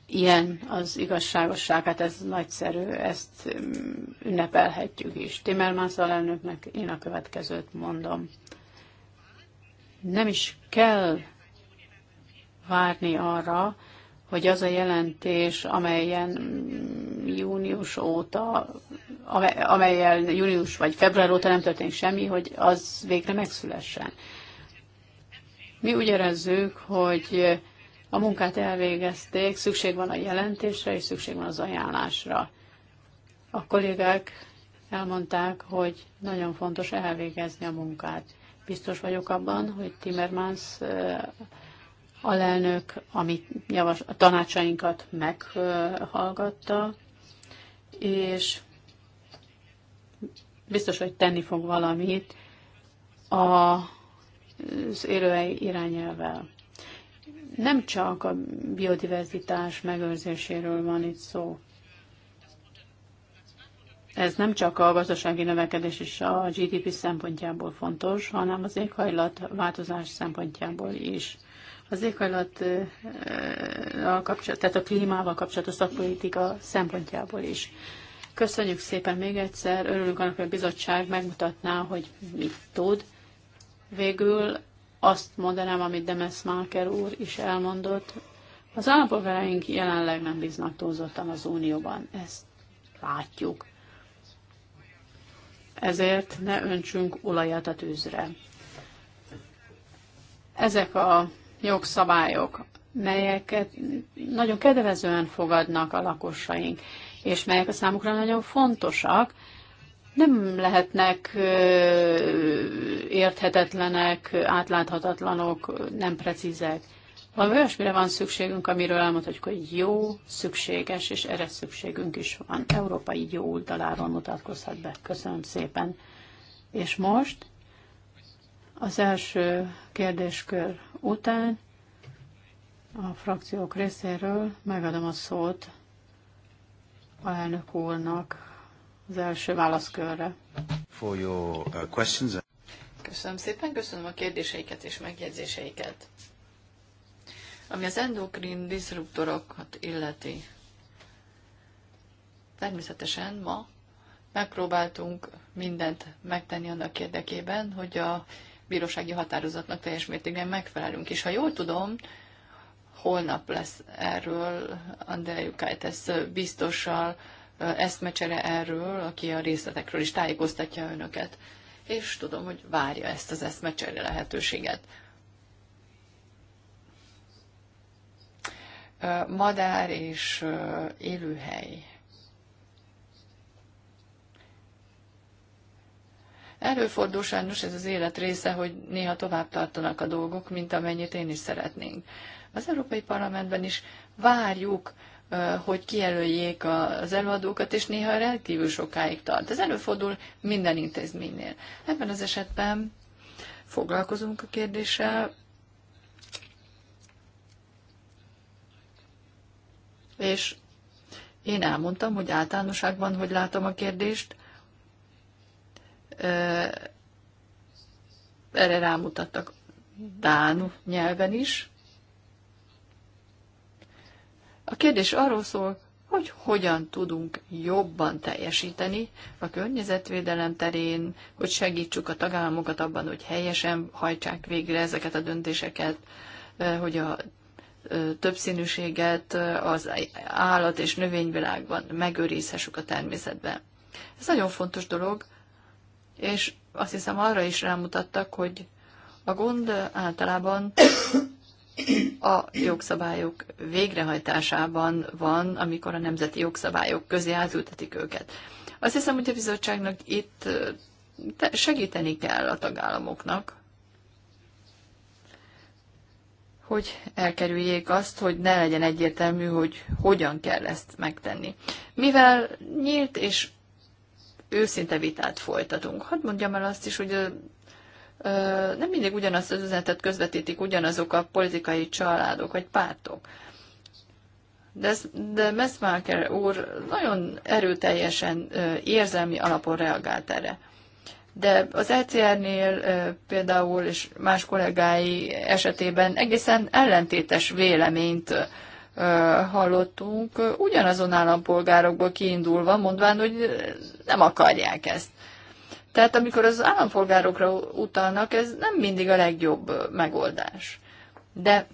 ilyen az igazságosság, hát ez nagyszerű, ezt mm, ünnepelhetjük is. Timmermans alelnöknek én a következőt mondom. Nem is kell várni arra, hogy az a jelentés, amelyen mm, június óta, amelyel június vagy február óta nem történt semmi, hogy az végre megszülessen. Mi úgy érezzük, hogy a munkát elvégezték, szükség van a jelentésre, és szükség van az ajánlásra. A kollégák elmondták, hogy nagyon fontos elvégezni a munkát. Biztos vagyok abban, hogy Timmermans eh, alelnök, amit javas, a tanácsainkat meghallgatta, és biztos, hogy tenni fog valamit az élőhely irányelvel. Nem csak a biodiverzitás megőrzéséről van itt szó. Ez nem csak a gazdasági növekedés és a GDP szempontjából fontos, hanem az éghajlat változás szempontjából is. Az éghajlat kapcsolat, tehát a klímával kapcsolatos szakpolitika szempontjából is. Köszönjük szépen még egyszer, örülünk annak, hogy a bizottság megmutatná, hogy mit tud. Végül azt mondanám, amit Demes Máker úr is elmondott, az állampolgáraink jelenleg nem bíznak túlzottan az Unióban, ezt látjuk. Ezért ne öntsünk olajat a tűzre. Ezek a jogszabályok, melyeket nagyon kedvezően fogadnak a lakosaink, és melyek a számukra nagyon fontosak, nem lehetnek érthetetlenek, átláthatatlanok, nem precízek. Valami olyasmire van szükségünk, amiről elmondhatjuk, hogy jó, szükséges, és erre szükségünk is van. Európai jó oldaláról mutatkozhat be. Köszönöm szépen. És most az első kérdéskör után a frakciók részéről megadom a szót a elnök úrnak az első válaszkörre. For your uh, questions. Köszönöm szépen, köszönöm a kérdéseiket és megjegyzéseiket. Ami az endokrin diszruptorokat illeti, természetesen ma megpróbáltunk mindent megtenni annak érdekében, hogy a bírósági határozatnak teljes mértékben megfelelünk. És ha jól tudom, holnap lesz erről Andrej Kajtesz biztossal eszmecsere erről, aki a részletekről is tájékoztatja önöket. És tudom, hogy várja ezt az eszmecsere lehetőséget. Madár és élőhely Előfordul sajnos ez az élet része, hogy néha tovább tartanak a dolgok, mint amennyit én is szeretnénk. Az Európai Parlamentben is várjuk, hogy kijelöljék az előadókat, és néha rendkívül sokáig tart. Ez előfordul minden intézménynél. Ebben az esetben foglalkozunk a kérdéssel, és én elmondtam, hogy általánosságban hogy látom a kérdést, erre rámutattak Dán nyelven is. A kérdés arról szól, hogy hogyan tudunk jobban teljesíteni a környezetvédelem terén, hogy segítsük a tagállamokat abban, hogy helyesen hajtsák végre ezeket a döntéseket, hogy a többszínűséget az állat és növényvilágban megőrizhessük a természetben. Ez nagyon fontos dolog, és azt hiszem arra is rámutattak, hogy a gond általában a jogszabályok végrehajtásában van, amikor a nemzeti jogszabályok közé átültetik őket. Azt hiszem, hogy a bizottságnak itt eh, segíteni kell a tagállamoknak, hogy elkerüljék azt, hogy ne legyen egyértelmű, hogy hogyan kell ezt megtenni. Mivel nyílt és őszinte vitát folytatunk. Hadd mondjam el azt is, hogy nem mindig ugyanazt az üzenetet közvetítik ugyanazok a politikai családok vagy pártok. De, de Messmaker úr nagyon erőteljesen érzelmi alapon reagált erre. De az ECR-nél például és más kollégái esetében egészen ellentétes véleményt hallottunk, ugyanazon állampolgárokból kiindulva, mondván, hogy nem akarják ezt. Tehát amikor az állampolgárokra utalnak, ez nem mindig a legjobb megoldás. De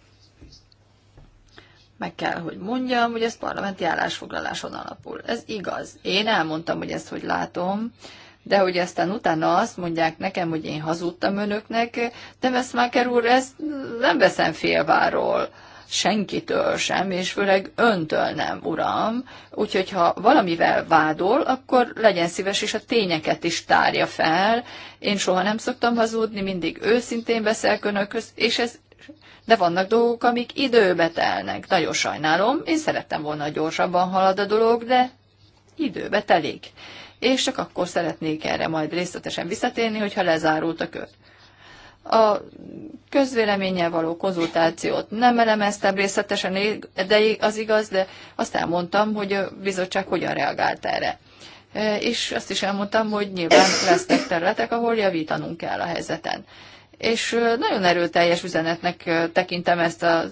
meg kell, hogy mondjam, hogy ez parlamenti állásfoglaláson alapul. Ez igaz. Én elmondtam, hogy ezt hogy látom, de hogy aztán utána azt mondják nekem, hogy én hazudtam önöknek, de Veszmáker úr, ezt nem veszem félváról senkitől sem, és főleg öntől nem, uram. Úgyhogy ha valamivel vádol, akkor legyen szíves, és a tényeket is tárja fel. Én soha nem szoktam hazudni, mindig őszintén beszélek önökhöz, és ez de vannak dolgok, amik időbe telnek. Nagyon sajnálom, én szerettem volna gyorsabban halad a dolog, de időbe telik. És csak akkor szeretnék erre majd részletesen visszatérni, hogyha lezárult a kör. A közvéleménnyel való konzultációt nem elemeztem részletesen, de az igaz, de azt elmondtam, hogy a bizottság hogyan reagált erre. És azt is elmondtam, hogy nyilván lesznek területek, ahol javítanunk kell a helyzeten és nagyon erőteljes üzenetnek tekintem ezt a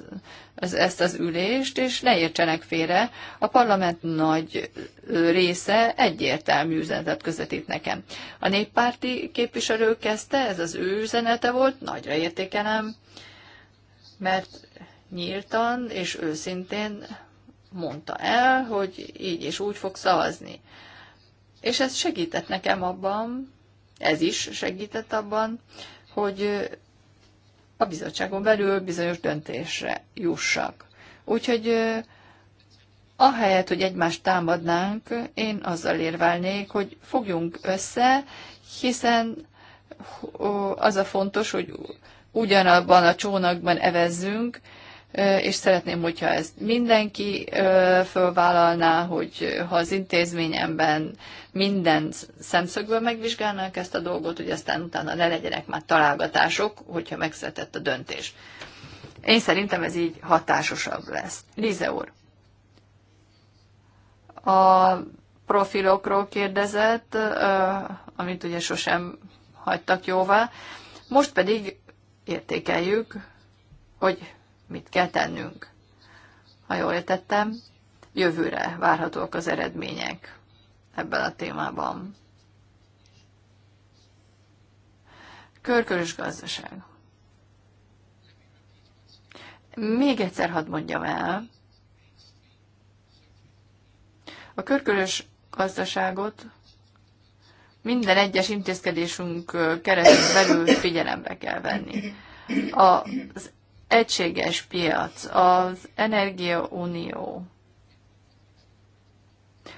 ezt az ülést, és ne értsenek félre, a parlament nagy része egyértelmű üzenetet közvetít nekem. A néppárti képviselő kezdte, ez az ő üzenete volt, nagyra értékelem, mert nyíltan és őszintén mondta el, hogy így és úgy fog szavazni. És ez segített nekem abban, ez is segített abban, hogy a bizottságon belül bizonyos döntésre jussak. Úgyhogy ahelyett, hogy egymást támadnánk, én azzal érvelnék, hogy fogjunk össze, hiszen az a fontos, hogy ugyanabban a csónakban evezzünk, és szeretném, hogyha ezt mindenki fölvállalná, hogy ha az intézményemben minden szemszögből megvizsgálnák ezt a dolgot, hogy aztán utána ne legyenek már találgatások, hogyha megszületett a döntés. Én szerintem ez így hatásosabb lesz. Lize úr, a profilokról kérdezett, amit ugye sosem hagytak jóvá. Most pedig értékeljük, hogy mit kell tennünk. Ha jól értettem, jövőre várhatóak az eredmények ebben a témában. Körkörös gazdaság. Még egyszer hadd mondjam el, a körkörös gazdaságot minden egyes intézkedésünk keresztül belül figyelembe kell venni. Az egységes piac, az energiaunió,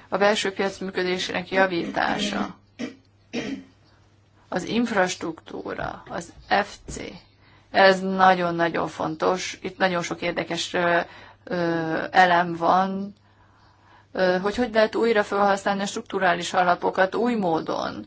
a belső piac működésének javítása, az infrastruktúra, az FC, ez nagyon-nagyon fontos. Itt nagyon sok érdekes elem van, hogy hogy lehet újra felhasználni a strukturális alapokat új módon,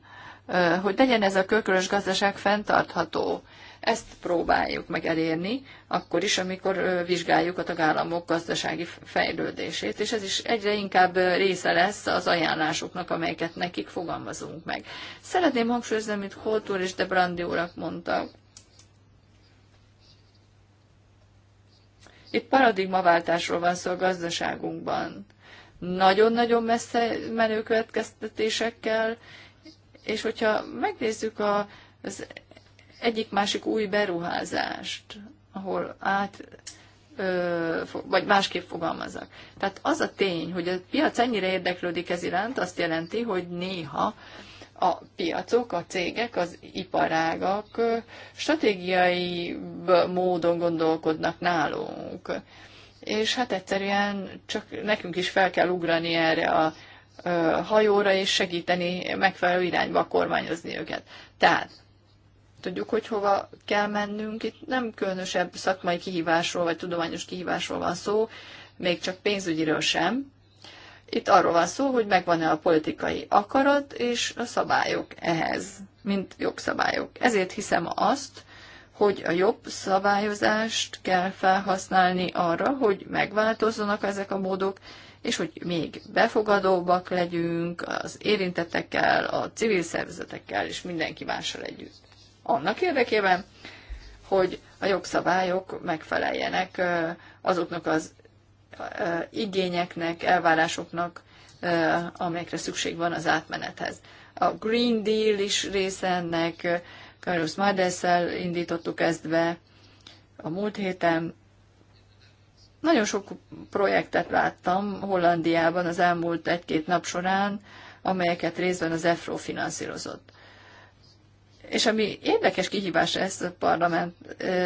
hogy legyen ez a kökörös gazdaság fenntartható. Ezt próbáljuk meg elérni, akkor is, amikor vizsgáljuk a tagállamok gazdasági fejlődését, és ez is egyre inkább része lesz az ajánlásoknak, amelyeket nekik fogalmazunk meg. Szeretném hangsúlyozni, amit Holtúr és de Brandi urak mondtak, Itt paradigmaváltásról van szó a gazdaságunkban. Nagyon-nagyon messze menő következtetésekkel, és hogyha megnézzük a, az egyik-másik új beruházást, ahol át, ö, vagy másképp fogalmazok. Tehát az a tény, hogy a piac ennyire érdeklődik ez iránt, azt jelenti, hogy néha a piacok, a cégek, az iparágak stratégiai módon gondolkodnak nálunk. És hát egyszerűen csak nekünk is fel kell ugrani erre a hajóra, és segíteni megfelelő irányba kormányozni őket. Tehát tudjuk, hogy hova kell mennünk. Itt nem különösebb szakmai kihívásról vagy tudományos kihívásról van szó, még csak pénzügyiről sem. Itt arról van szó, hogy megvan-e a politikai akarat és a szabályok ehhez, mint jogszabályok. Ezért hiszem azt, hogy a jobb szabályozást kell felhasználni arra, hogy megváltozzanak ezek a módok, és hogy még befogadóbbak legyünk az érintettekkel, a civil szervezetekkel és mindenki mással együtt annak érdekében, hogy a jogszabályok megfeleljenek azoknak az igényeknek, elvárásoknak, amelyekre szükség van az átmenethez. A Green Deal is része ennek, Carlos Mardessel indítottuk ezt be a múlt héten. Nagyon sok projektet láttam Hollandiában az elmúlt egy-két nap során, amelyeket részben az EFRO finanszírozott. És ami érdekes kihívás ez a parlament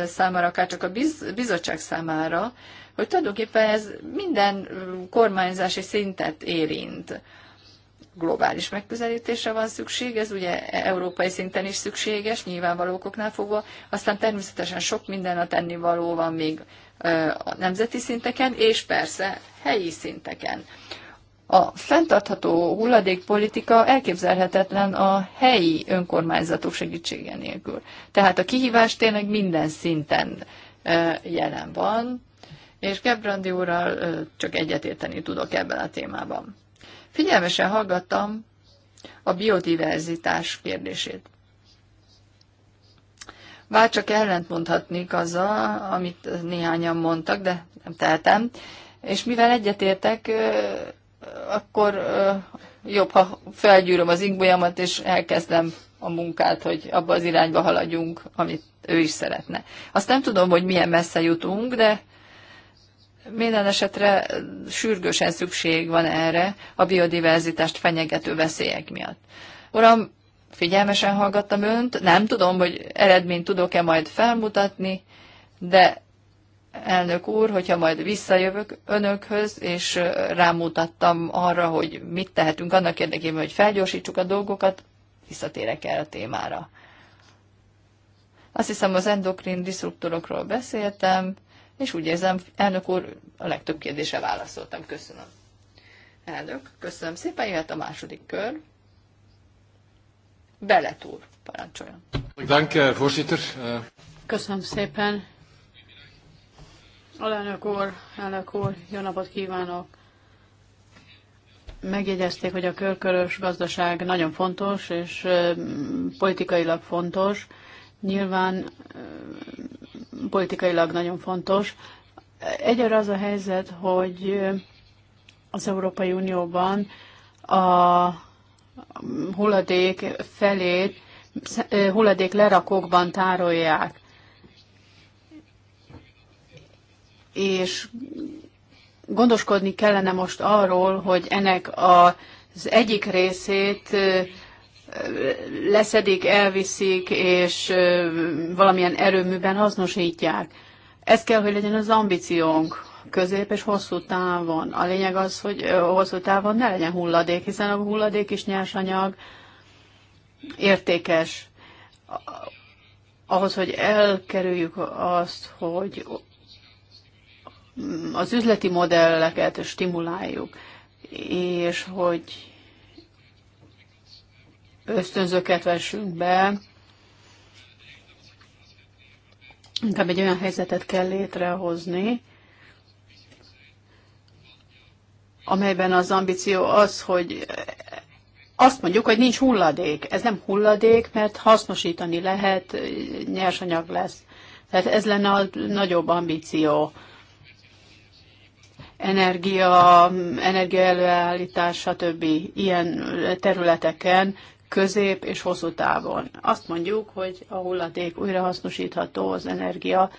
számára, akár csak a biz, bizottság számára, hogy tulajdonképpen ez minden kormányzási szintet érint. Globális megközelítésre van szükség, ez ugye európai szinten is szükséges, nyilvánvalókoknál fogva, aztán természetesen sok minden a tennivaló van még a nemzeti szinteken, és persze helyi szinteken. A fenntartható hulladékpolitika elképzelhetetlen a helyi önkormányzatok segítsége nélkül. Tehát a kihívás tényleg minden szinten jelen van, és Gebrandi úrral csak egyetérteni tudok ebben a témában. Figyelmesen hallgattam a biodiverzitás kérdését. Bár csak ellentmondhatnék azzal, amit néhányan mondtak, de nem tehetem. És mivel egyetértek, akkor jobb, ha felgyűröm az ingolyamat, és elkezdem a munkát, hogy abba az irányba haladjunk, amit ő is szeretne. Azt nem tudom, hogy milyen messze jutunk, de minden esetre sürgősen szükség van erre a biodiverzitást fenyegető veszélyek miatt. Uram, figyelmesen hallgattam önt, nem tudom, hogy eredményt tudok-e majd felmutatni, de elnök úr, hogyha majd visszajövök önökhöz, és rámutattam arra, hogy mit tehetünk annak érdekében, hogy felgyorsítsuk a dolgokat, visszatérek el a témára. Azt hiszem, az endokrin diszruptorokról beszéltem, és úgy érzem, elnök úr, a legtöbb kérdése válaszoltam. Köszönöm. Elnök, köszönöm szépen, jöhet a második kör. Beletúr, parancsoljon. Eh, eh, köszönöm szépen. Alelnök úr, elnök úr, jó napot kívánok! Megjegyezték, hogy a körkörös gazdaság nagyon fontos, és politikailag fontos. Nyilván politikailag nagyon fontos. Egyre az a helyzet, hogy az Európai Unióban a hulladék felét hulladék lerakókban tárolják. és gondoskodni kellene most arról, hogy ennek az egyik részét leszedik, elviszik, és valamilyen erőműben hasznosítják. Ez kell, hogy legyen az ambíciónk közép és hosszú távon. A lényeg az, hogy hosszú távon ne legyen hulladék, hiszen a hulladék is nyersanyag értékes. Ahhoz, hogy elkerüljük azt, hogy az üzleti modelleket stimuláljuk, és hogy ösztönzőket vessünk be, inkább egy olyan helyzetet kell létrehozni, amelyben az ambíció az, hogy azt mondjuk, hogy nincs hulladék. Ez nem hulladék, mert hasznosítani lehet, nyersanyag lesz. Tehát ez lenne a nagyobb ambíció energia, energia előállítás, stb. ilyen területeken közép és hosszú távon. Azt mondjuk, hogy a hulladék újrahasznosítható, az energia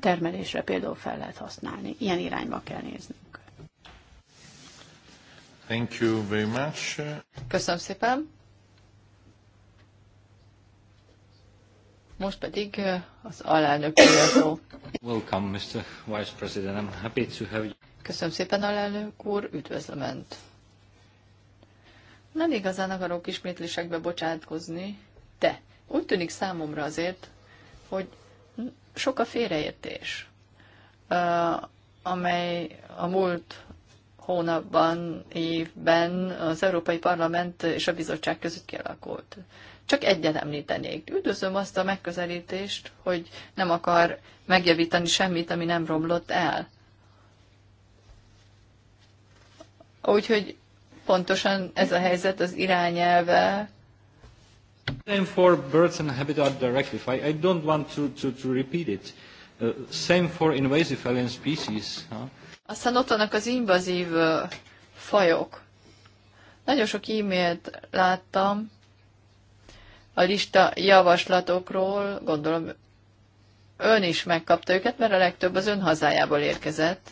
termelésre például fel lehet használni. Ilyen irányba kell néznünk. Thank you very much. Köszönöm szépen. Most pedig az alelnök szó. Welcome, Mr. Vice President. I'm happy to have you. Köszönöm szépen, alelnök úr, üdvözlöm Önt. Nem igazán akarok ismétlésekbe bocsátkozni, de úgy tűnik számomra azért, hogy sok a félreértés, amely a múlt hónapban, évben az Európai Parlament és a bizottság között kialakult. Csak egyet említenék. Üdvözlöm azt a megközelítést, hogy nem akar megjavítani semmit, ami nem romlott el. Úgyhogy pontosan ez a helyzet az irányelve. Same for birds and habitat directive. I, I don't want to, to, to repeat it. Uh, same for invasive alien species. Huh? Aztán ott vannak az invazív uh, fajok. Nagyon sok e-mailt láttam, a lista javaslatokról, gondolom ön is megkapta őket, mert a legtöbb az ön hazájából érkezett.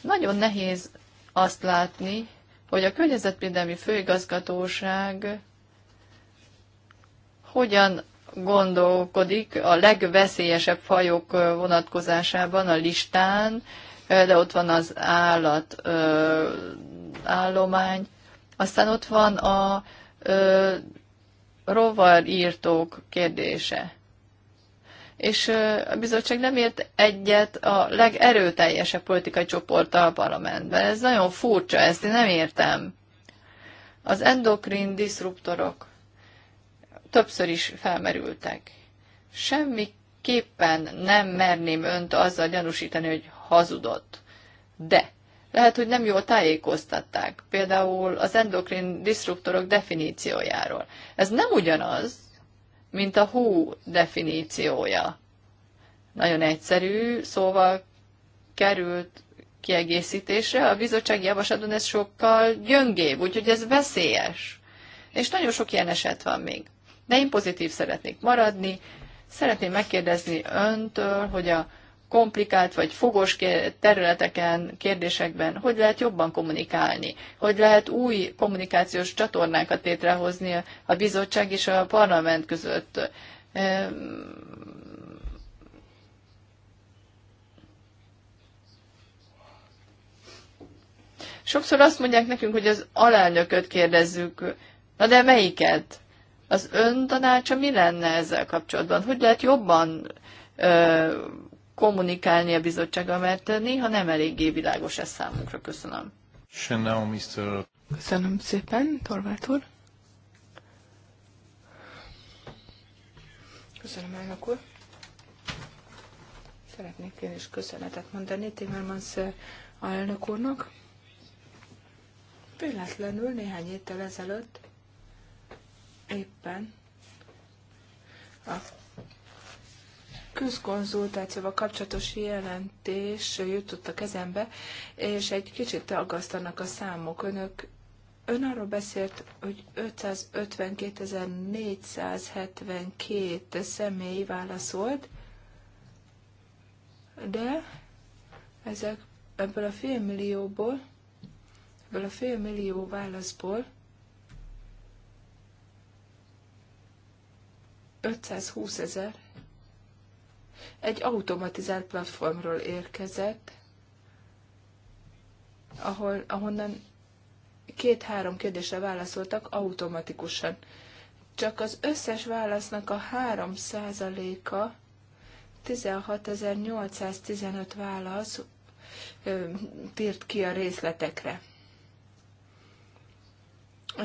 Nagyon nehéz azt látni, hogy a Környezetvédelmi Főigazgatóság hogyan gondolkodik a legveszélyesebb fajok vonatkozásában a listán, de ott van az állat állomány, aztán ott van a rovarírtók kérdése. És a bizottság nem ért egyet a legerőteljesebb politikai csoporttal a parlamentben. Ez nagyon furcsa, ezt én nem értem. Az endokrin diszruptorok többször is felmerültek. Semmiképpen nem merném önt azzal gyanúsítani, hogy hazudott. De lehet, hogy nem jól tájékoztatták, például az endokrin disruptorok definíciójáról. Ez nem ugyanaz, mint a hú definíciója. Nagyon egyszerű, szóval került kiegészítésre, a bizottság javaslaton ez sokkal gyöngébb, úgyhogy ez veszélyes. És nagyon sok ilyen eset van még. De én pozitív szeretnék maradni, szeretném megkérdezni öntől, hogy a komplikált vagy fogos területeken, kérdésekben, hogy lehet jobban kommunikálni, hogy lehet új kommunikációs csatornákat létrehozni a bizottság és a parlament között. Ehm, sokszor azt mondják nekünk, hogy az alelnököt kérdezzük. Na de melyiket? Az ön tanácsa mi lenne ezzel kapcsolatban? Hogy lehet jobban kommunikálni a bizottsága, mert néha nem eléggé világos ez számunkra. Köszönöm. Köszönöm szépen, Torvát úr. Köszönöm, elnök úr. Szeretnék én is köszönetet mondani Timmermans eh, elnök úrnak. Véletlenül néhány héttel ezelőtt éppen a közkonzultációval kapcsolatos jelentés jutott a kezembe, és egy kicsit aggasztanak a számok. Önök, ön arról beszélt, hogy 552.472 személy válaszolt, de ezek ebből a félmillióból, ebből a félmillió válaszból 520 ezer egy automatizált platformról érkezett, ahol, ahonnan két-három kérdésre válaszoltak automatikusan. Csak az összes válasznak a 3 százaléka, 16.815 válasz tírt ki a részletekre.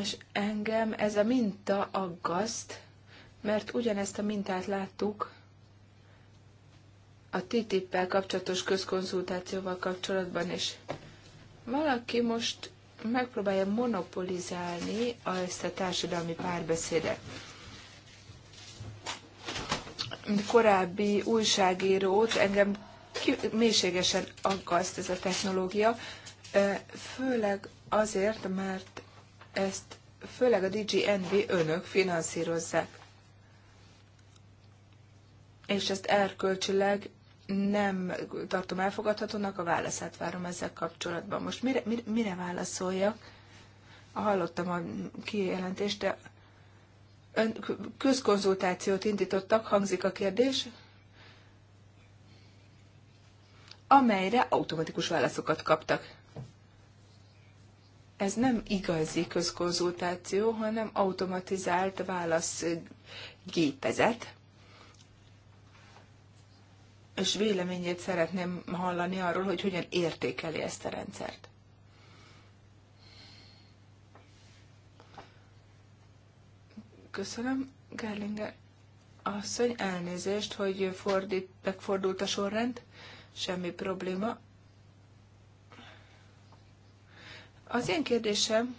És engem ez a minta aggaszt, mert ugyanezt a mintát láttuk a TTIP-pel kapcsolatos közkonzultációval kapcsolatban is. Valaki most megpróbálja monopolizálni ezt a társadalmi párbeszédet. Korábbi újságírót engem ki, mélységesen aggaszt ez a technológia, főleg azért, mert ezt főleg a DGNV önök finanszírozzák. És ezt erkölcsileg nem tartom elfogadhatónak, a válaszát várom ezzel kapcsolatban. Most mire, mire, mire válaszoljak? Ah, hallottam a kijelentést, de ön, közkonzultációt indítottak, hangzik a kérdés, amelyre automatikus válaszokat kaptak. Ez nem igazi közkonzultáció, hanem automatizált válaszgépezet és véleményét szeretném hallani arról, hogy hogyan értékeli ezt a rendszert. Köszönöm, Gerlinger. Asszony, elnézést, hogy fordít, megfordult a sorrend. Semmi probléma. Az én kérdésem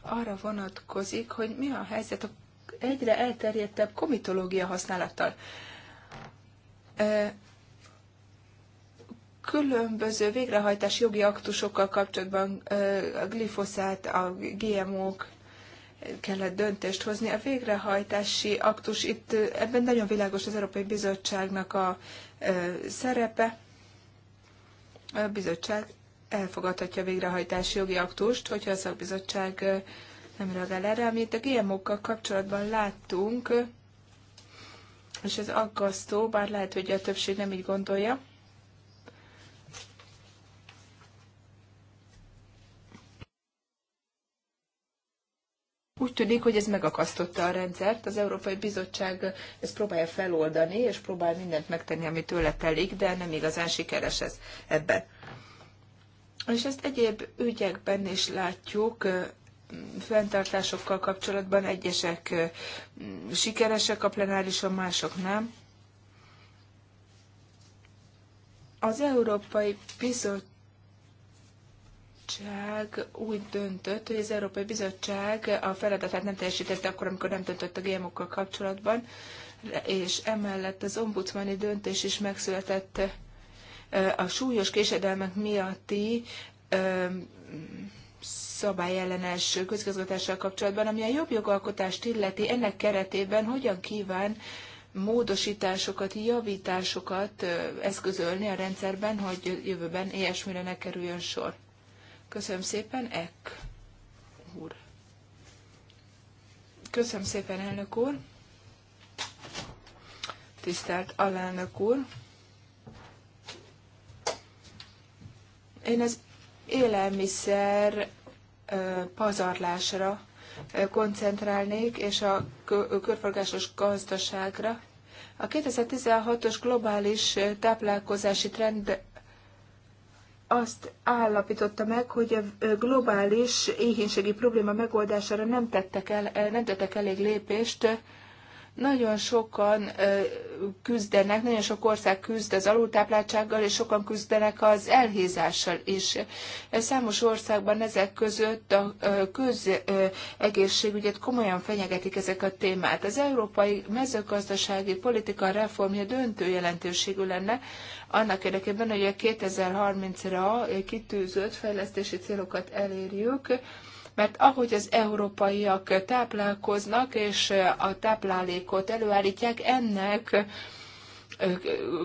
arra vonatkozik, hogy mi a helyzet a egyre elterjedtebb komitológia használattal különböző végrehajtás jogi aktusokkal kapcsolatban a glifoszát, a GMO-k kellett döntést hozni. A végrehajtási aktus itt, ebben nagyon világos az Európai Bizottságnak a szerepe. A bizottság elfogadhatja a végrehajtási jogi aktust, hogyha a szakbizottság nem reagál erre. Amit a GMO-kkal kapcsolatban láttunk, és ez aggasztó, bár lehet, hogy a többség nem így gondolja. Úgy tűnik, hogy ez megakasztotta a rendszert. Az Európai Bizottság ezt próbálja feloldani, és próbál mindent megtenni, ami tőle telik, de nem igazán sikeres ez ebben. És ezt egyéb ügyekben is látjuk, fenntartásokkal kapcsolatban egyesek sikeresek a plenárison, mások nem. Az Európai Bizottság úgy döntött, hogy az Európai Bizottság a feladatát nem teljesítette akkor, amikor nem döntött a gmo kapcsolatban, és emellett az ombudsmani döntés is megszületett a súlyos késedelmek miatti szabályellenes közigazgatással kapcsolatban, ami a jobb jogalkotást illeti, ennek keretében hogyan kíván módosításokat, javításokat eszközölni a rendszerben, hogy jövőben ilyesmire ne kerüljön sor. Köszönöm szépen, Ek úr. Köszönöm szépen, elnök úr. Tisztelt alelnök úr. Én az élelmiszer pazarlásra koncentrálnék, és a körforgásos gazdaságra. A 2016-os globális táplálkozási trend azt állapította meg, hogy a globális éhénységi probléma megoldására nem tettek, el, nem tettek elég lépést nagyon sokan küzdenek, nagyon sok ország küzd az alultápláltsággal, és sokan küzdenek az elhízással is. Számos országban ezek között a közegészségügyet komolyan fenyegetik ezek a témát. Az európai mezőgazdasági politika reformja döntő jelentőségű lenne, annak érdekében, hogy a 2030-ra kitűzött fejlesztési célokat elérjük, mert ahogy az európaiak táplálkoznak, és a táplálékot előállítják, ennek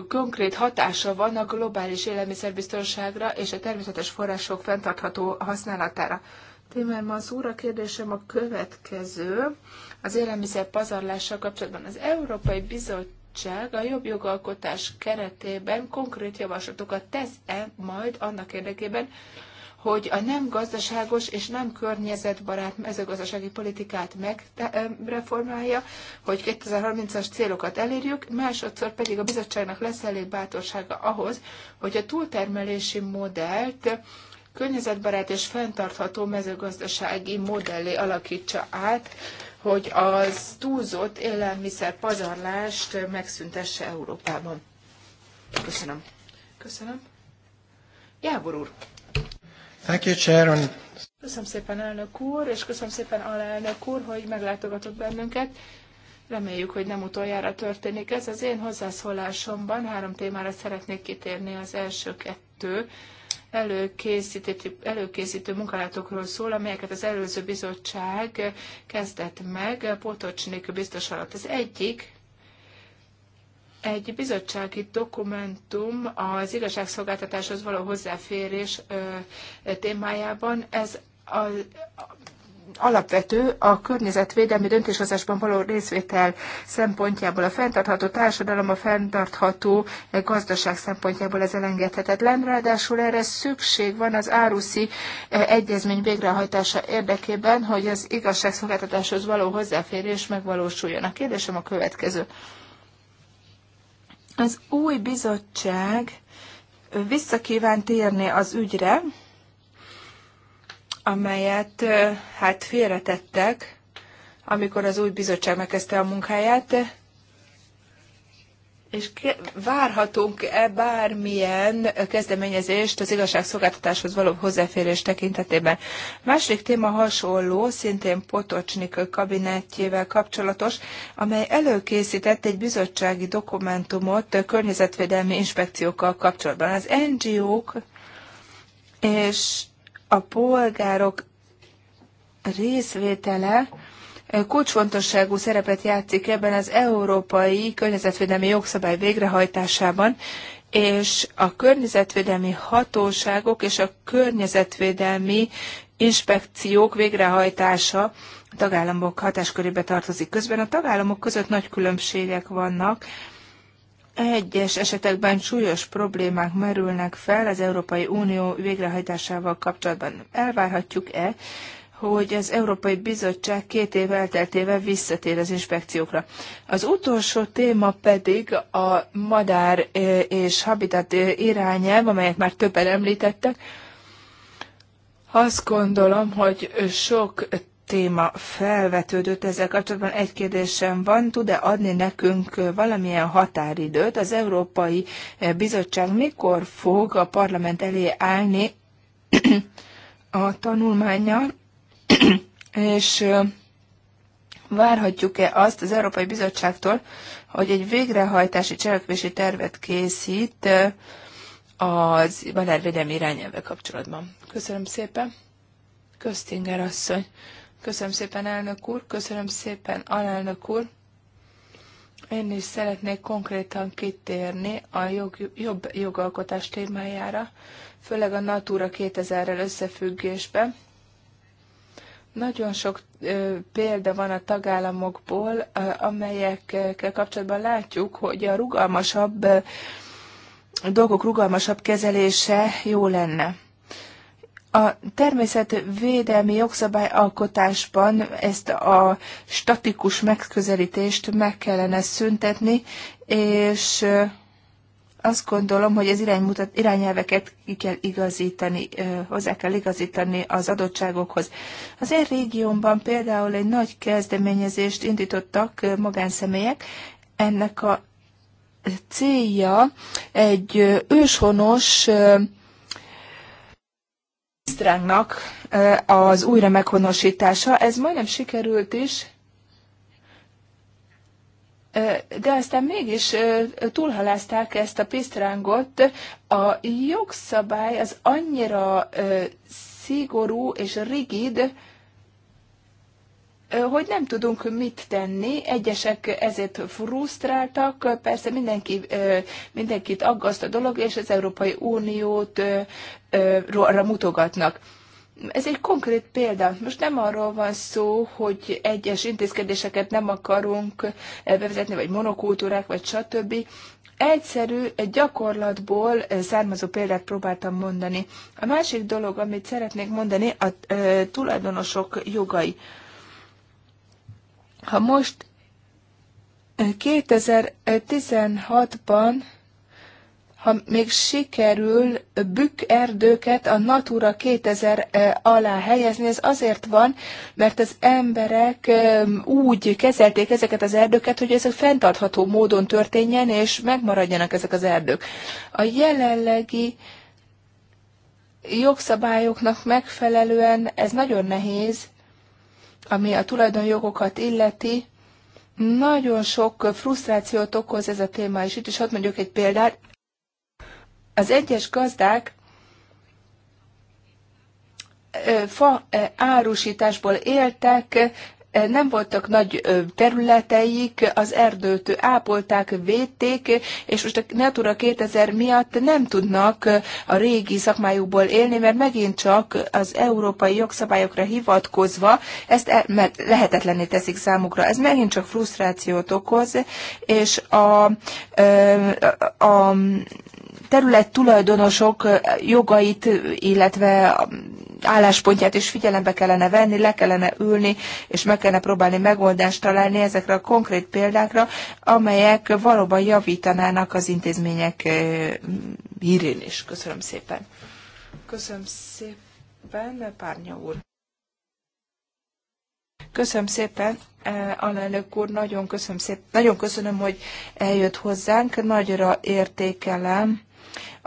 konkrét hatása van a globális élelmiszerbiztonságra és a természetes források fenntartható használatára. Timmermans úr, a kérdésem a következő. Az élelmiszer pazarlással kapcsolatban az Európai Bizottság a jobb jogalkotás keretében konkrét javaslatokat tesz-e majd annak érdekében, hogy a nem gazdaságos és nem környezetbarát mezőgazdasági politikát megreformálja, hogy 2030-as célokat elérjük, másodszor pedig a bizottságnak lesz elég bátorsága ahhoz, hogy a túltermelési modellt környezetbarát és fenntartható mezőgazdasági modellé alakítsa át, hogy az túlzott élelmiszer pazarlást megszüntesse Európában. Köszönöm. Köszönöm. Jábor úr. Thank you, Chair. Köszönöm szépen, elnök úr, és köszönöm szépen, alelnök úr, hogy meglátogatott bennünket. Reméljük, hogy nem utoljára történik ez. Az én hozzászólásomban három témára szeretnék kitérni. Az első kettő előkészítő, előkészítő munkálatokról szól, amelyeket az előző bizottság kezdett meg Potocsnik biztos alatt. Az egyik egy bizottsági dokumentum az igazságszolgáltatáshoz való hozzáférés témájában, ez a, alapvető a környezetvédelmi döntéshozásban való részvétel szempontjából, a fenntartható társadalom, a fenntartható gazdaság szempontjából ez elengedhetetlen. Ráadásul erre szükség van az áruszi egyezmény végrehajtása érdekében, hogy az igazságszolgáltatáshoz való hozzáférés megvalósuljon. A kérdésem a következő. Az új bizottság visszakíván térni az ügyre, amelyet hát félretettek, amikor az új bizottság megkezdte a munkáját, és várhatunk-e bármilyen kezdeményezést az igazságszolgáltatáshoz való hozzáférés tekintetében? Második téma hasonló, szintén Potocsnik kabinettjével kapcsolatos, amely előkészített egy bizottsági dokumentumot környezetvédelmi inspekciókkal kapcsolatban. Az NGO-k és a polgárok részvétele kulcsfontosságú szerepet játszik ebben az európai környezetvédelmi jogszabály végrehajtásában, és a környezetvédelmi hatóságok és a környezetvédelmi inspekciók végrehajtása a tagállamok hatáskörébe tartozik. Közben a tagállamok között nagy különbségek vannak, egyes esetekben súlyos problémák merülnek fel az Európai Unió végrehajtásával kapcsolatban. Elvárhatjuk-e hogy az Európai Bizottság két év elteltével visszatér az inspekciókra. Az utolsó téma pedig a madár és habitat irányelv, amelyet már többen említettek. Azt gondolom, hogy sok téma felvetődött ezzel kapcsolatban. Egy kérdésem van, tud-e adni nekünk valamilyen határidőt? Az Európai Bizottság mikor fog a parlament elé állni a tanulmányjal, és várhatjuk-e azt az Európai Bizottságtól, hogy egy végrehajtási cselekvési tervet készít az madárvédelmi irányelve kapcsolatban. Köszönöm szépen. Köztinger asszony. Köszönöm szépen, elnök úr. Köszönöm szépen, alelnök úr. Én is szeretnék konkrétan kitérni a jog, jobb jogalkotás témájára, főleg a Natura 2000-rel összefüggésben nagyon sok példa van a tagállamokból, amelyekkel kapcsolatban látjuk, hogy a rugalmasabb a dolgok rugalmasabb kezelése jó lenne. A természetvédelmi jogszabályalkotásban ezt a statikus megközelítést meg kellene szüntetni, és azt gondolom, hogy az iránymutat, irányelveket ki kell igazítani, hozzá kell igazítani az adottságokhoz. Az én régiómban például egy nagy kezdeményezést indítottak magánszemélyek. Ennek a célja egy őshonos tisztránknak az újra meghonosítása. Ez majdnem sikerült is, de aztán mégis túlhalázták ezt a pisztrángot. A jogszabály az annyira szigorú és rigid, hogy nem tudunk mit tenni. Egyesek ezért frusztráltak, persze mindenki, mindenkit aggaszt a dolog, és az Európai Uniót mutogatnak. Ez egy konkrét példa. Most nem arról van szó, hogy egyes intézkedéseket nem akarunk eh, bevezetni, vagy monokultúrák, vagy stb. Egyszerű, egy gyakorlatból eh, származó példát próbáltam mondani. A másik dolog, amit szeretnék mondani, a eh, tulajdonosok jogai. Ha most 2016-ban ha még sikerül bükk erdőket a Natura 2000 eh, alá helyezni, ez azért van, mert az emberek eh, úgy kezelték ezeket az erdőket, hogy ezek fenntartható módon történjen, és megmaradjanak ezek az erdők. A jelenlegi jogszabályoknak megfelelően ez nagyon nehéz, ami a tulajdonjogokat illeti, nagyon sok frusztrációt okoz ez a téma, és itt is ott mondjuk egy példát. Az egyes gazdák fa árusításból éltek, nem voltak nagy területeik, az erdőt ápolták, védték, és most a Natura 2000 miatt nem tudnak a régi szakmájukból élni, mert megint csak az európai jogszabályokra hivatkozva ezt e, lehetetlenné teszik számukra. Ez megint csak frusztrációt okoz, és a, a, a terület tulajdonosok jogait, illetve um, álláspontját is figyelembe kellene venni, le kellene ülni, és meg kellene próbálni megoldást találni ezekre a konkrét példákra, amelyek valóban javítanának az intézmények hírén is. Köszönöm szépen. Köszönöm szépen, Párnya úr. Köszönöm szépen, e, alelnök úr, nagyon köszönöm, szépen. nagyon köszönöm, hogy eljött hozzánk, nagyra értékelem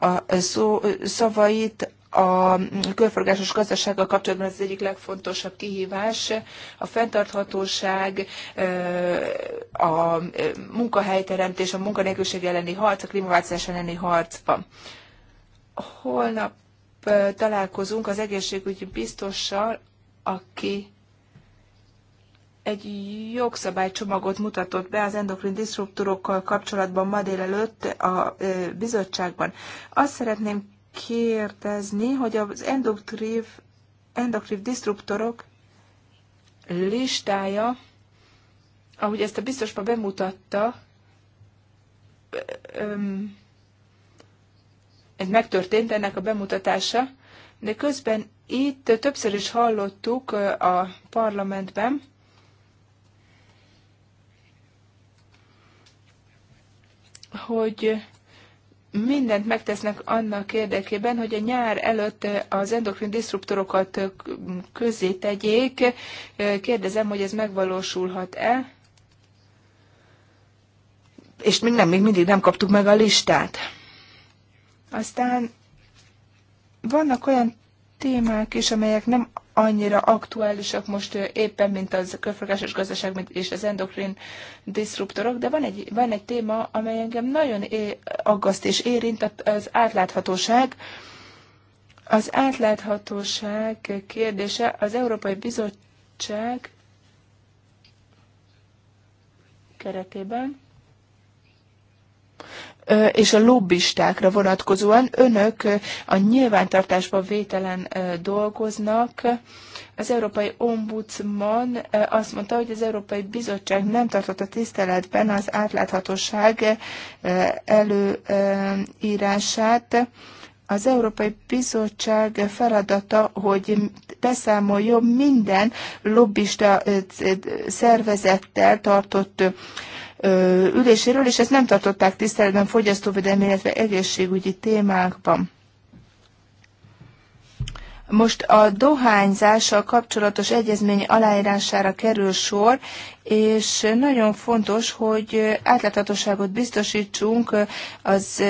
a szó, szavait a körforgásos gazdasággal kapcsolatban az egyik legfontosabb kihívás. A fenntarthatóság, a munkahelyteremtés, a munkanélküliség elleni harc, a klímaváltozás elleni harcban. Holnap találkozunk az egészségügyi biztossal, aki egy jogszabálycsomagot mutatott be az endokrin disruptorokkal kapcsolatban ma délelőtt a bizottságban. Azt szeretném kérdezni, hogy az endokrív, endokrív disruptorok listája, ahogy ezt a biztos ma bemutatta, ez megtörtént ennek a bemutatása, de közben itt többször is hallottuk a parlamentben, hogy mindent megtesznek annak érdekében, hogy a nyár előtt az endokrin disruptorokat közé tegyék. Kérdezem, hogy ez megvalósulhat-e? És még nem, még mindig nem kaptuk meg a listát. Aztán vannak olyan témák is, amelyek nem annyira aktuálisak most éppen, mint az körforgásos gazdaság és az endokrin diszruptorok, de van egy, van egy téma, amely engem nagyon aggaszt és érint, az átláthatóság. Az átláthatóság kérdése az Európai Bizottság keretében és a lobbistákra vonatkozóan önök a nyilvántartásba vételen dolgoznak. Az Európai Ombudsman azt mondta, hogy az Európai Bizottság nem tartotta tiszteletben az átláthatóság előírását. Az Európai Bizottság feladata, hogy beszámoljon minden lobbista szervezettel tartott üléséről, és ezt nem tartották tiszteletben fogyasztóvédelmi, illetve egészségügyi témákban. Most a dohányzással kapcsolatos egyezmény aláírására kerül sor, és nagyon fontos, hogy átláthatóságot biztosítsunk az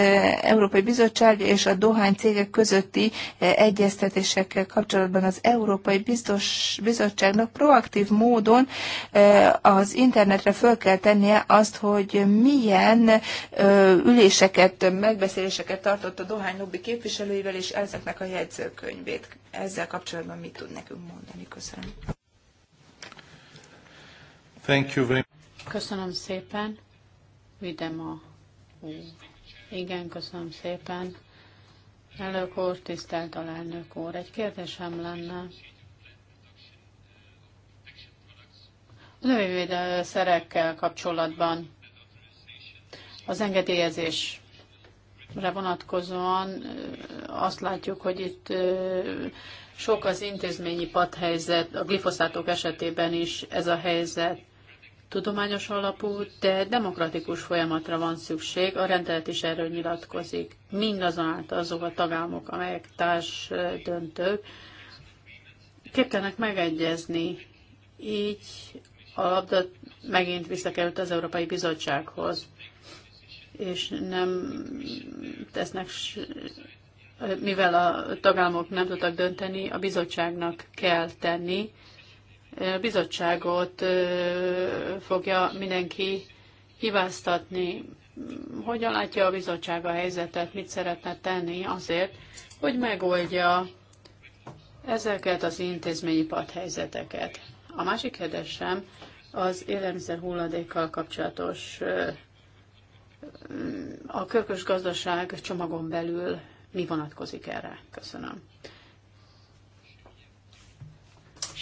Európai Bizottság és a dohány cégek közötti egyeztetésekkel kapcsolatban. Az Európai Biztos Bizottságnak proaktív módon eh, az internetre föl kell tennie azt, hogy milyen üléseket, megbeszéléseket tartott a dohány lobby képviselőivel, és ezeknek a jegyzőkönyvét. Ezzel kapcsolatban mit tud nekünk mondani? Köszönöm. Thank you very Köszönöm szépen. Videm a... Igen, köszönöm szépen. Elnök úr, tisztelt alelnök úr, egy kérdésem lenne. A szerekkel kapcsolatban az engedélyezés vonatkozóan azt látjuk, hogy itt sok az intézményi padhelyzet, a glifoszátok esetében is ez a helyzet tudományos alapú, de demokratikus folyamatra van szükség, a rendelet is erről nyilatkozik. Mindazonáltal azok a tagállamok, amelyek társ döntők, képtelenek megegyezni, így a labda megint visszakerült az Európai Bizottsághoz, és nem tesznek, mivel a tagállamok nem tudtak dönteni, a bizottságnak kell tenni, bizottságot fogja mindenki hibáztatni. Hogyan látja a bizottság a helyzetet, mit szeretne tenni azért, hogy megoldja ezeket az intézményi helyzeteket. A másik kérdésem az élelmiszer hulladékkal kapcsolatos a körkös gazdaság csomagon belül mi vonatkozik erre? Köszönöm.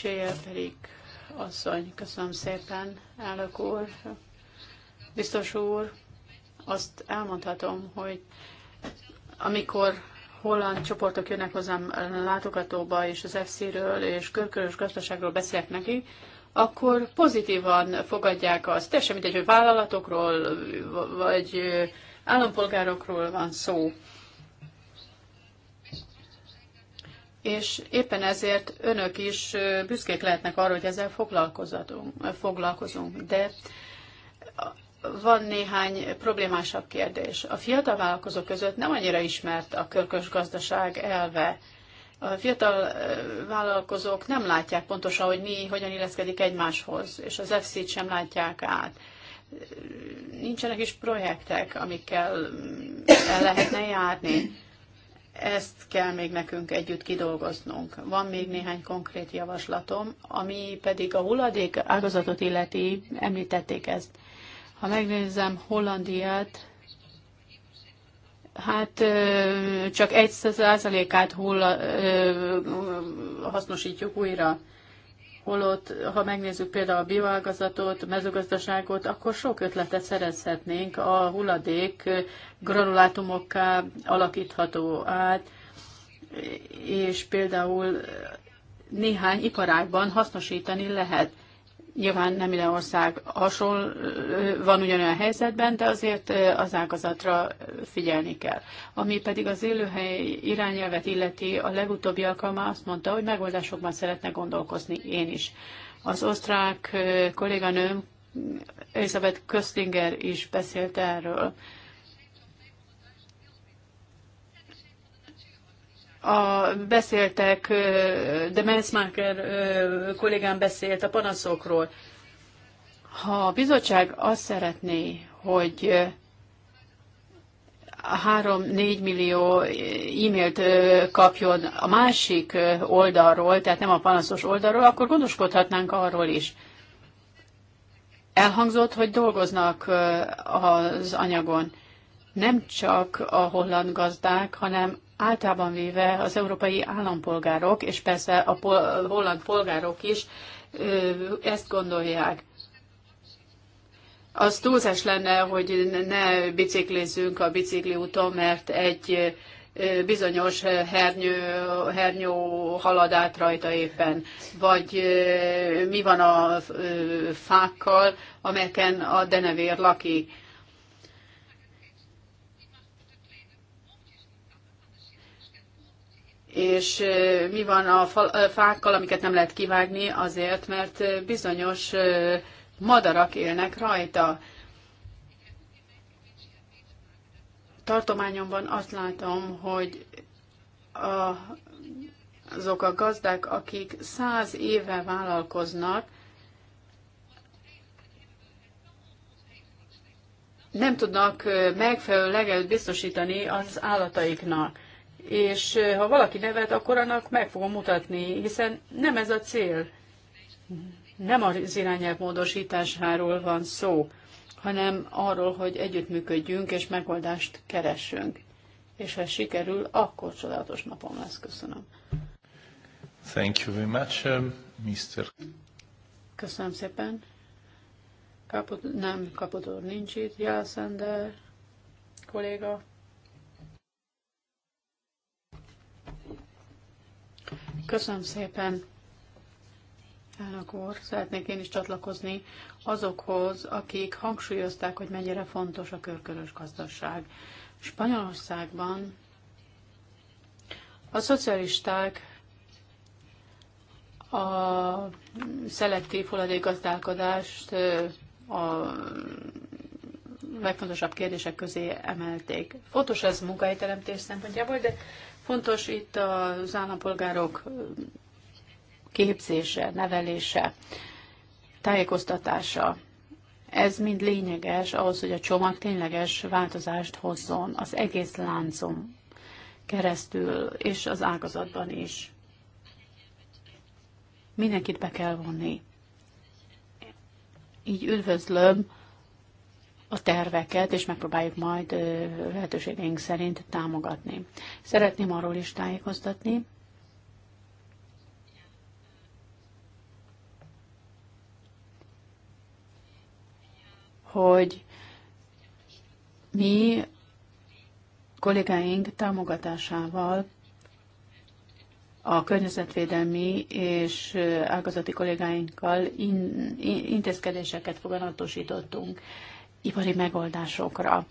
Cséje pedig asszony, köszönöm szépen, elnök úr, biztos úr, azt elmondhatom, hogy amikor holland csoportok jönnek hozzám látogatóba, és az FC-ről és körkörös gazdaságról beszélek neki, akkor pozitívan fogadják azt. Teljesen mindegy, hogy vállalatokról vagy állampolgárokról van szó. és éppen ezért önök is büszkék lehetnek arra, hogy ezzel foglalkozunk. De van néhány problémásabb kérdés. A fiatal vállalkozók között nem annyira ismert a körkös gazdaság elve. A fiatal vállalkozók nem látják pontosan, hogy mi hogyan illeszkedik egymáshoz, és az FC-t sem látják át. Nincsenek is projektek, amikkel el lehetne járni ezt kell még nekünk együtt kidolgoznunk. Van még néhány konkrét javaslatom, ami pedig a hulladék ágazatot illeti, említették ezt. Ha megnézem Hollandiát, Hát csak egy százalékát hasznosítjuk újra holott ha megnézzük például a bioágazatot, mezőgazdaságot, akkor sok ötletet szerezhetnénk, a hulladék granulátumokká alakítható át, és például néhány iparágban hasznosítani lehet. Nyilván nem minden ország hasonl, van ugyanolyan helyzetben, de azért az ágazatra figyelni kell. Ami pedig az élőhely irányelvet illeti, a legutóbbi alkalma azt mondta, hogy megoldásokban szeretne gondolkozni én is. Az osztrák kolléganőm Elisabeth Köstinger is beszélt erről. a, beszéltek, de Menzmacher kollégám beszélt a panaszokról. Ha a bizottság azt szeretné, hogy 3-4 millió e-mailt kapjon a másik oldalról, tehát nem a panaszos oldalról, akkor gondoskodhatnánk arról is. Elhangzott, hogy dolgoznak az anyagon. Nem csak a holland gazdák, hanem általában véve az európai állampolgárok, és persze a pol- holland polgárok is ezt gondolják. Az túlzás lenne, hogy ne biciklizzünk a úton, mert egy bizonyos hernyő, hernyó halad át rajta éppen, vagy mi van a fákkal, amelyeken a denevér lakik. és mi van a fákkal, amiket nem lehet kivágni azért, mert bizonyos madarak élnek rajta. Tartományomban azt látom, hogy a, azok a gazdák, akik száz éve vállalkoznak, nem tudnak megfelelő legelet biztosítani az állataiknak és ha valaki nevet, akkor annak meg fogom mutatni, hiszen nem ez a cél. Nem az irányelv módosításáról van szó, hanem arról, hogy együttműködjünk és megoldást keressünk. És ha sikerül, akkor csodálatos napom lesz. Köszönöm. Thank you very much, Mr. Um, Köszönöm szépen. Kaput, nem, Kaputor nincs itt, Jászender kolléga. Köszönöm szépen, elnök úr. Szeretnék én is csatlakozni azokhoz, akik hangsúlyozták, hogy mennyire fontos a körkörös gazdaság. Spanyolországban a szocialisták a szelektív hulladékgazdálkodást a legfontosabb kérdések közé emelték. Fontos ez munkahelyteremtés szempontjából, de Fontos itt az állampolgárok képzése, nevelése, tájékoztatása. Ez mind lényeges ahhoz, hogy a csomag tényleges változást hozzon az egész láncom keresztül és az ágazatban is. Mindenkit be kell vonni. Így üdvözlöm a terveket, és megpróbáljuk majd lehetőségeink szerint támogatni. Szeretném arról is tájékoztatni, hogy mi kollégáink támogatásával a környezetvédelmi és ágazati kollégáinkkal in, in, intézkedéseket foganatosítottunk ipari megoldásokra.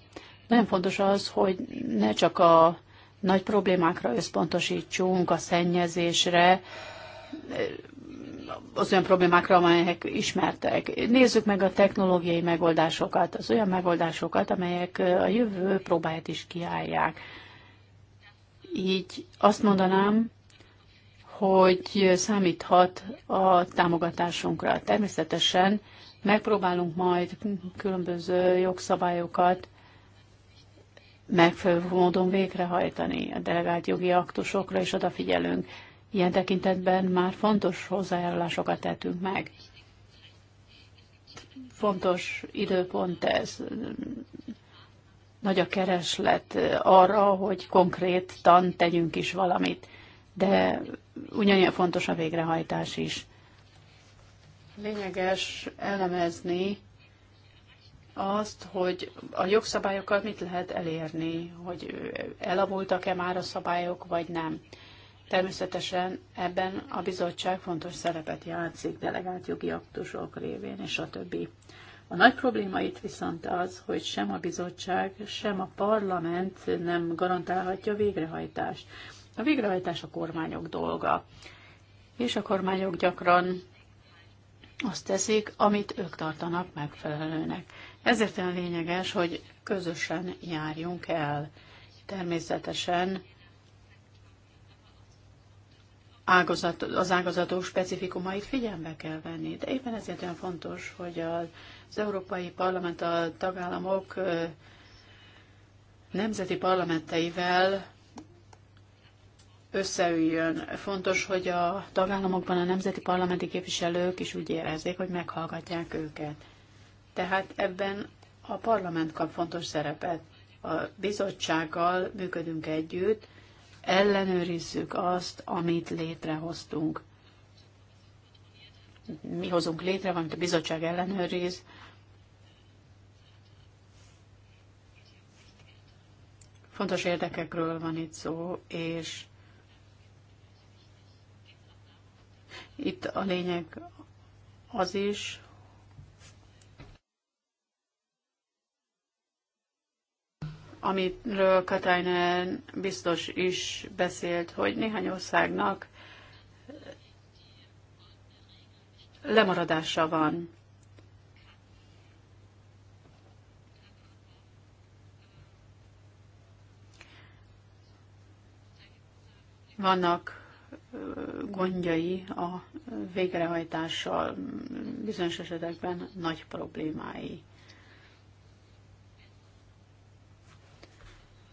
Nagyon fontos az, hogy ne csak a nagy problémákra összpontosítsunk, a szennyezésre, az olyan problémákra, amelyek ismertek. Nézzük meg a technológiai megoldásokat, az olyan megoldásokat, amelyek a jövő próbáját is kiállják. Így azt mondanám, hogy számíthat a támogatásunkra. Természetesen Megpróbálunk majd különböző jogszabályokat megfelelő módon végrehajtani. A delegált jogi aktusokra is odafigyelünk. Ilyen tekintetben már fontos hozzájárulásokat tettünk meg. Fontos időpont ez. Nagy a kereslet arra, hogy konkrétan tegyünk is valamit, de ugyanilyen fontos a végrehajtás is lényeges elemezni azt, hogy a jogszabályokat mit lehet elérni, hogy elavultak-e már a szabályok, vagy nem. Természetesen ebben a bizottság fontos szerepet játszik delegált jogi aktusok révén, és a többi. A nagy probléma itt viszont az, hogy sem a bizottság, sem a parlament nem garantálhatja a végrehajtást. A végrehajtás a kormányok dolga, és a kormányok gyakran azt teszik, amit ők tartanak megfelelőnek. Ezért olyan lényeges, hogy közösen járjunk el. Természetesen ágazat, az ágazatok specifikumait figyelme kell venni. De éppen ezért olyan fontos, hogy az Európai Parlament a tagállamok nemzeti parlamenteivel összeüljön. Fontos, hogy a tagállamokban a nemzeti parlamenti képviselők is úgy érezzék, hogy meghallgatják őket. Tehát ebben a parlament kap fontos szerepet. A bizottsággal működünk együtt, ellenőrizzük azt, amit létrehoztunk. Mi hozunk létre, valamit a bizottság ellenőriz. Fontos érdekekről van itt szó, és Itt a lényeg az is, amiről Katainen biztos is beszélt, hogy néhány országnak lemaradása van. Vannak gondjai a végrehajtással, bizonyos esetekben nagy problémái.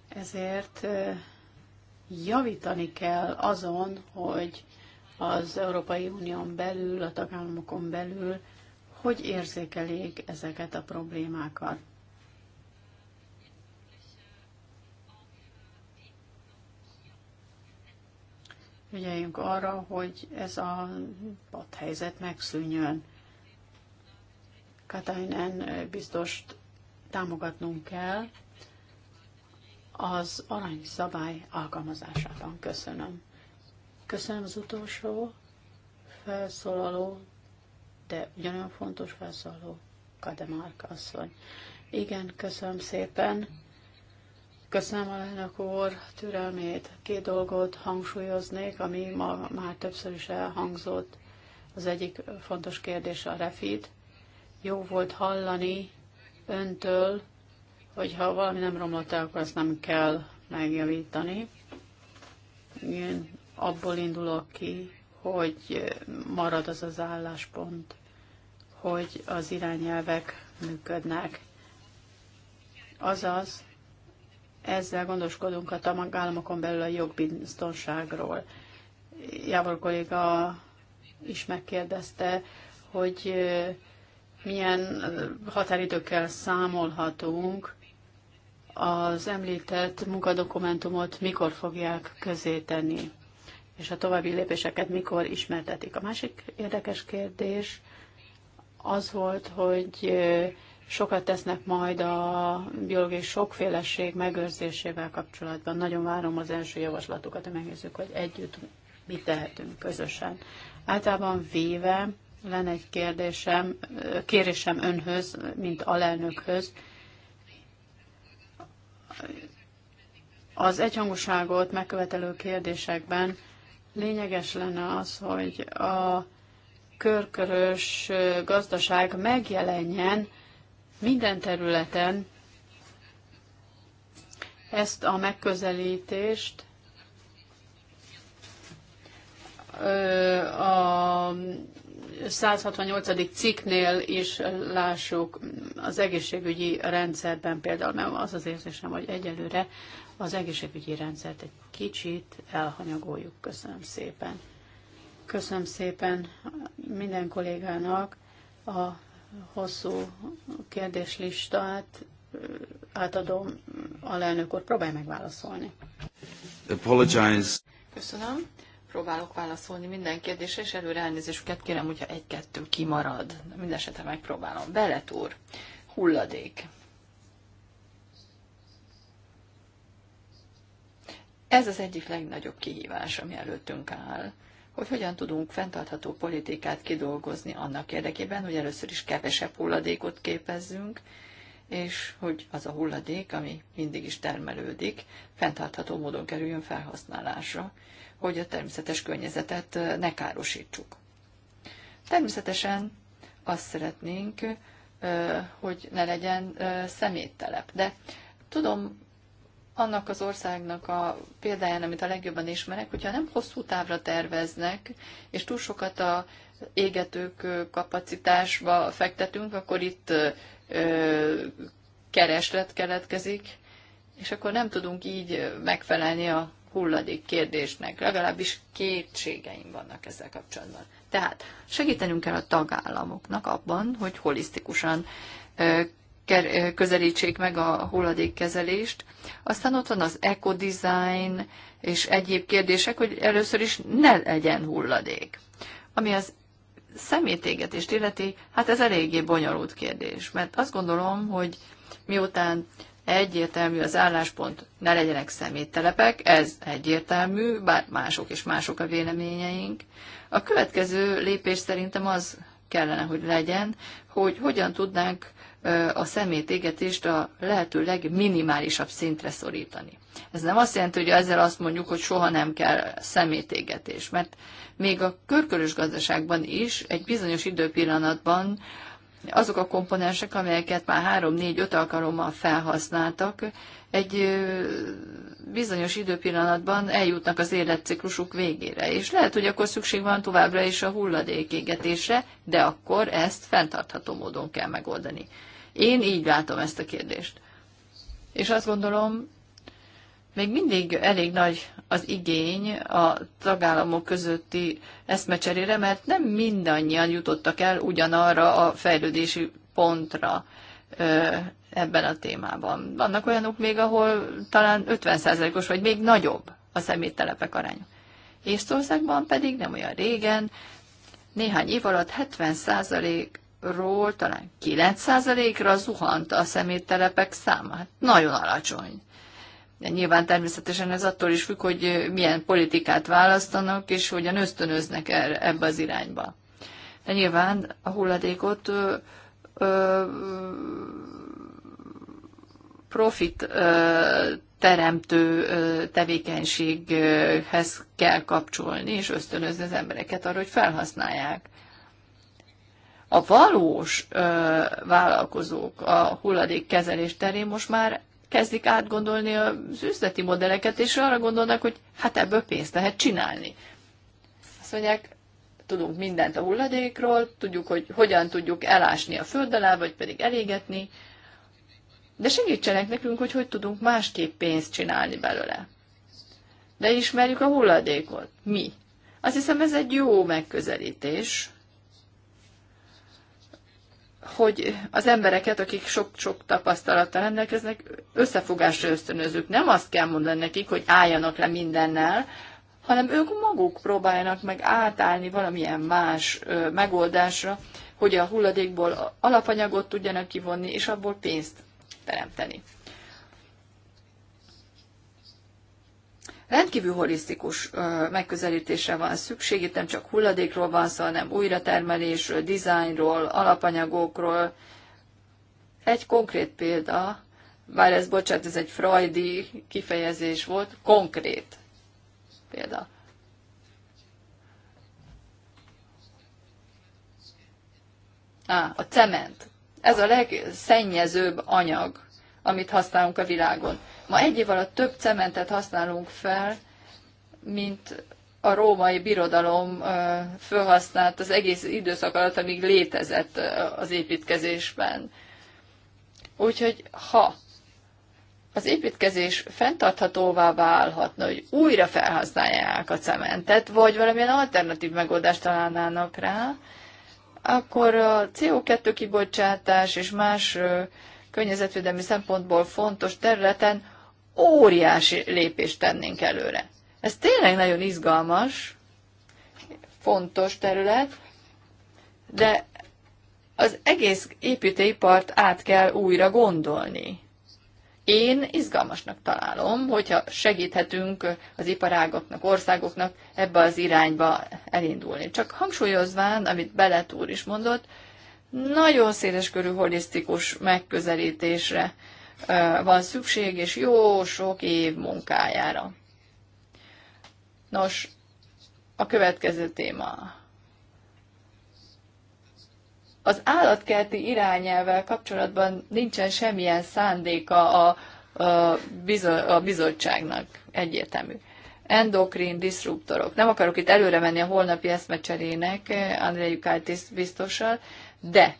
Ezért javítani kell azon, hogy az Európai Unión belül, a tagállamokon belül, hogy érzékelik ezeket a problémákat. figyeljünk arra, hogy ez a helyzet megszűnjön. Katainen biztos támogatnunk kell az arany szabály alkalmazásában. Köszönöm. Köszönöm az utolsó felszólaló, de ugyanolyan fontos felszólaló, Kademárk asszony. Igen, köszönöm szépen. Köszönöm alelnök úr türelmét. Két dolgot hangsúlyoznék, ami ma már többször is elhangzott. Az egyik fontos kérdés a refit. Jó volt hallani öntől, hogy ha valami nem romlott el, akkor ezt nem kell megjavítani. Én abból indulok ki, hogy marad az az álláspont, hogy az irányelvek működnek. Azaz, ezzel gondoskodunk a tagállamokon belül a jogbiztonságról. Jávor kolléga is megkérdezte, hogy milyen határidőkkel számolhatunk, az említett munkadokumentumot mikor fogják tenni, és a további lépéseket mikor ismertetik. A másik érdekes kérdés az volt, hogy sokat tesznek majd a biológiai sokféleség megőrzésével kapcsolatban. Nagyon várom az első javaslatokat, hogy megnézzük, hogy együtt mit tehetünk közösen. Általában véve lenne egy kérdésem, kérésem önhöz, mint alelnökhöz. Az egyhangúságot megkövetelő kérdésekben lényeges lenne az, hogy a körkörös gazdaság megjelenjen minden területen ezt a megközelítést a 168. cikknél is lássuk az egészségügyi rendszerben például, nem az az érzésem, hogy egyelőre az egészségügyi rendszert egy kicsit elhanyagoljuk. Köszönöm szépen. Köszönöm szépen minden kollégának a hosszú kérdéslistát átadom lelnök úr, próbálj megválaszolni. Apologize. Köszönöm. Próbálok válaszolni minden kérdésre, és előre elnézésüket kérem, hogyha egy-kettő kimarad. Mindenesetre megpróbálom. Belet úr, hulladék. Ez az egyik legnagyobb kihívás, ami előttünk áll hogy hogyan tudunk fenntartható politikát kidolgozni annak érdekében, hogy először is kevesebb hulladékot képezzünk, és hogy az a hulladék, ami mindig is termelődik, fenntartható módon kerüljön felhasználásra, hogy a természetes környezetet ne károsítsuk. Természetesen azt szeretnénk, hogy ne legyen szeméttelep, de tudom, annak az országnak a példáján, amit a legjobban ismerek, hogyha nem hosszú távra terveznek, és túl sokat a égetők kapacitásba fektetünk, akkor itt ö, kereslet keletkezik, és akkor nem tudunk így megfelelni a hulladék kérdésnek. Legalábbis kétségeim vannak ezzel kapcsolatban. Tehát segítenünk kell a tagállamoknak abban, hogy holisztikusan közelítsék meg a hulladékkezelést. Aztán ott van az eco-design és egyéb kérdések, hogy először is ne legyen hulladék. Ami az szemétégetést illeti, hát ez eléggé bonyolult kérdés, mert azt gondolom, hogy miután egyértelmű az álláspont, ne legyenek szeméttelepek, ez egyértelmű, bár mások és mások a véleményeink. A következő lépés szerintem az kellene, hogy legyen, hogy hogyan tudnánk a szemét égetést a lehető legminimálisabb szintre szorítani. Ez nem azt jelenti, hogy ezzel azt mondjuk, hogy soha nem kell szemétégetés, mert még a körkörös gazdaságban is egy bizonyos időpillanatban azok a komponensek, amelyeket már 3-4-5 alkalommal felhasználtak, egy bizonyos időpillanatban eljutnak az életciklusuk végére. És lehet, hogy akkor szükség van továbbra is a hulladékégetésre, de akkor ezt fenntartható módon kell megoldani. Én így látom ezt a kérdést. És azt gondolom, még mindig elég nagy az igény a tagállamok közötti eszmecserére, mert nem mindannyian jutottak el ugyanarra a fejlődési pontra ebben a témában. Vannak olyanok még, ahol talán 50%-os, vagy még nagyobb a szeméttelepek aránya. Észtországban pedig nem olyan régen, néhány év alatt 70% ról talán 9%-ra zuhant a szeméttelepek száma. Hát nagyon alacsony. De nyilván természetesen ez attól is függ, hogy milyen politikát választanak, és hogyan ösztönöznek erre, ebbe az irányba. De nyilván a hulladékot ö, ö, profit ö, teremtő ö, tevékenységhez kell kapcsolni, és ösztönözni az embereket arra, hogy felhasználják a valós ö, vállalkozók a hulladékkezelés terén most már kezdik átgondolni az üzleti modelleket, és arra gondolnak, hogy hát ebből pénzt lehet csinálni. Azt mondják, tudunk mindent a hulladékról, tudjuk, hogy hogyan tudjuk elásni a föld alá, vagy pedig elégetni, de segítsenek nekünk, hogy hogy tudunk másképp pénzt csinálni belőle. De ismerjük a hulladékot. Mi? Azt hiszem, ez egy jó megközelítés, hogy az embereket, akik sok-sok tapasztalattal rendelkeznek, összefogásra ösztönözők. Nem azt kell mondani nekik, hogy álljanak le mindennel, hanem ők maguk próbáljanak meg átállni valamilyen más ö, megoldásra, hogy a hulladékból alapanyagot tudjanak kivonni, és abból pénzt teremteni. Rendkívül holisztikus megközelítésre van szükség, itt nem csak hulladékról van szó, hanem újratermelésről, dizájnról, alapanyagokról. Egy konkrét példa, bár ez, bocsánat, ez egy freudi kifejezés volt, konkrét példa. Á, a cement. Ez a legszennyezőbb anyag amit használunk a világon. Ma egy év alatt több cementet használunk fel, mint a római birodalom felhasznált az egész időszak alatt, amíg létezett az építkezésben. Úgyhogy ha az építkezés fenntarthatóvá válhatna, hogy újra felhasználják a cementet, vagy valamilyen alternatív megoldást találnának rá, akkor a CO2 kibocsátás és más környezetvédelmi szempontból fontos területen óriási lépést tennénk előre. Ez tényleg nagyon izgalmas, fontos terület, de az egész építőipart át kell újra gondolni. Én izgalmasnak találom, hogyha segíthetünk az iparágoknak, országoknak ebbe az irányba elindulni. Csak hangsúlyozván, amit Belet úr is mondott, nagyon széleskörű holisztikus megközelítésre van szükség, és jó sok év munkájára. Nos, a következő téma. Az állatkerti irányelvel kapcsolatban nincsen semmilyen szándéka a, a, bizo- a bizottságnak egyértelmű. Endokrin diszruptorok. Nem akarok itt előre menni a holnapi eszmecserének, Andrei Kártis biztossal, de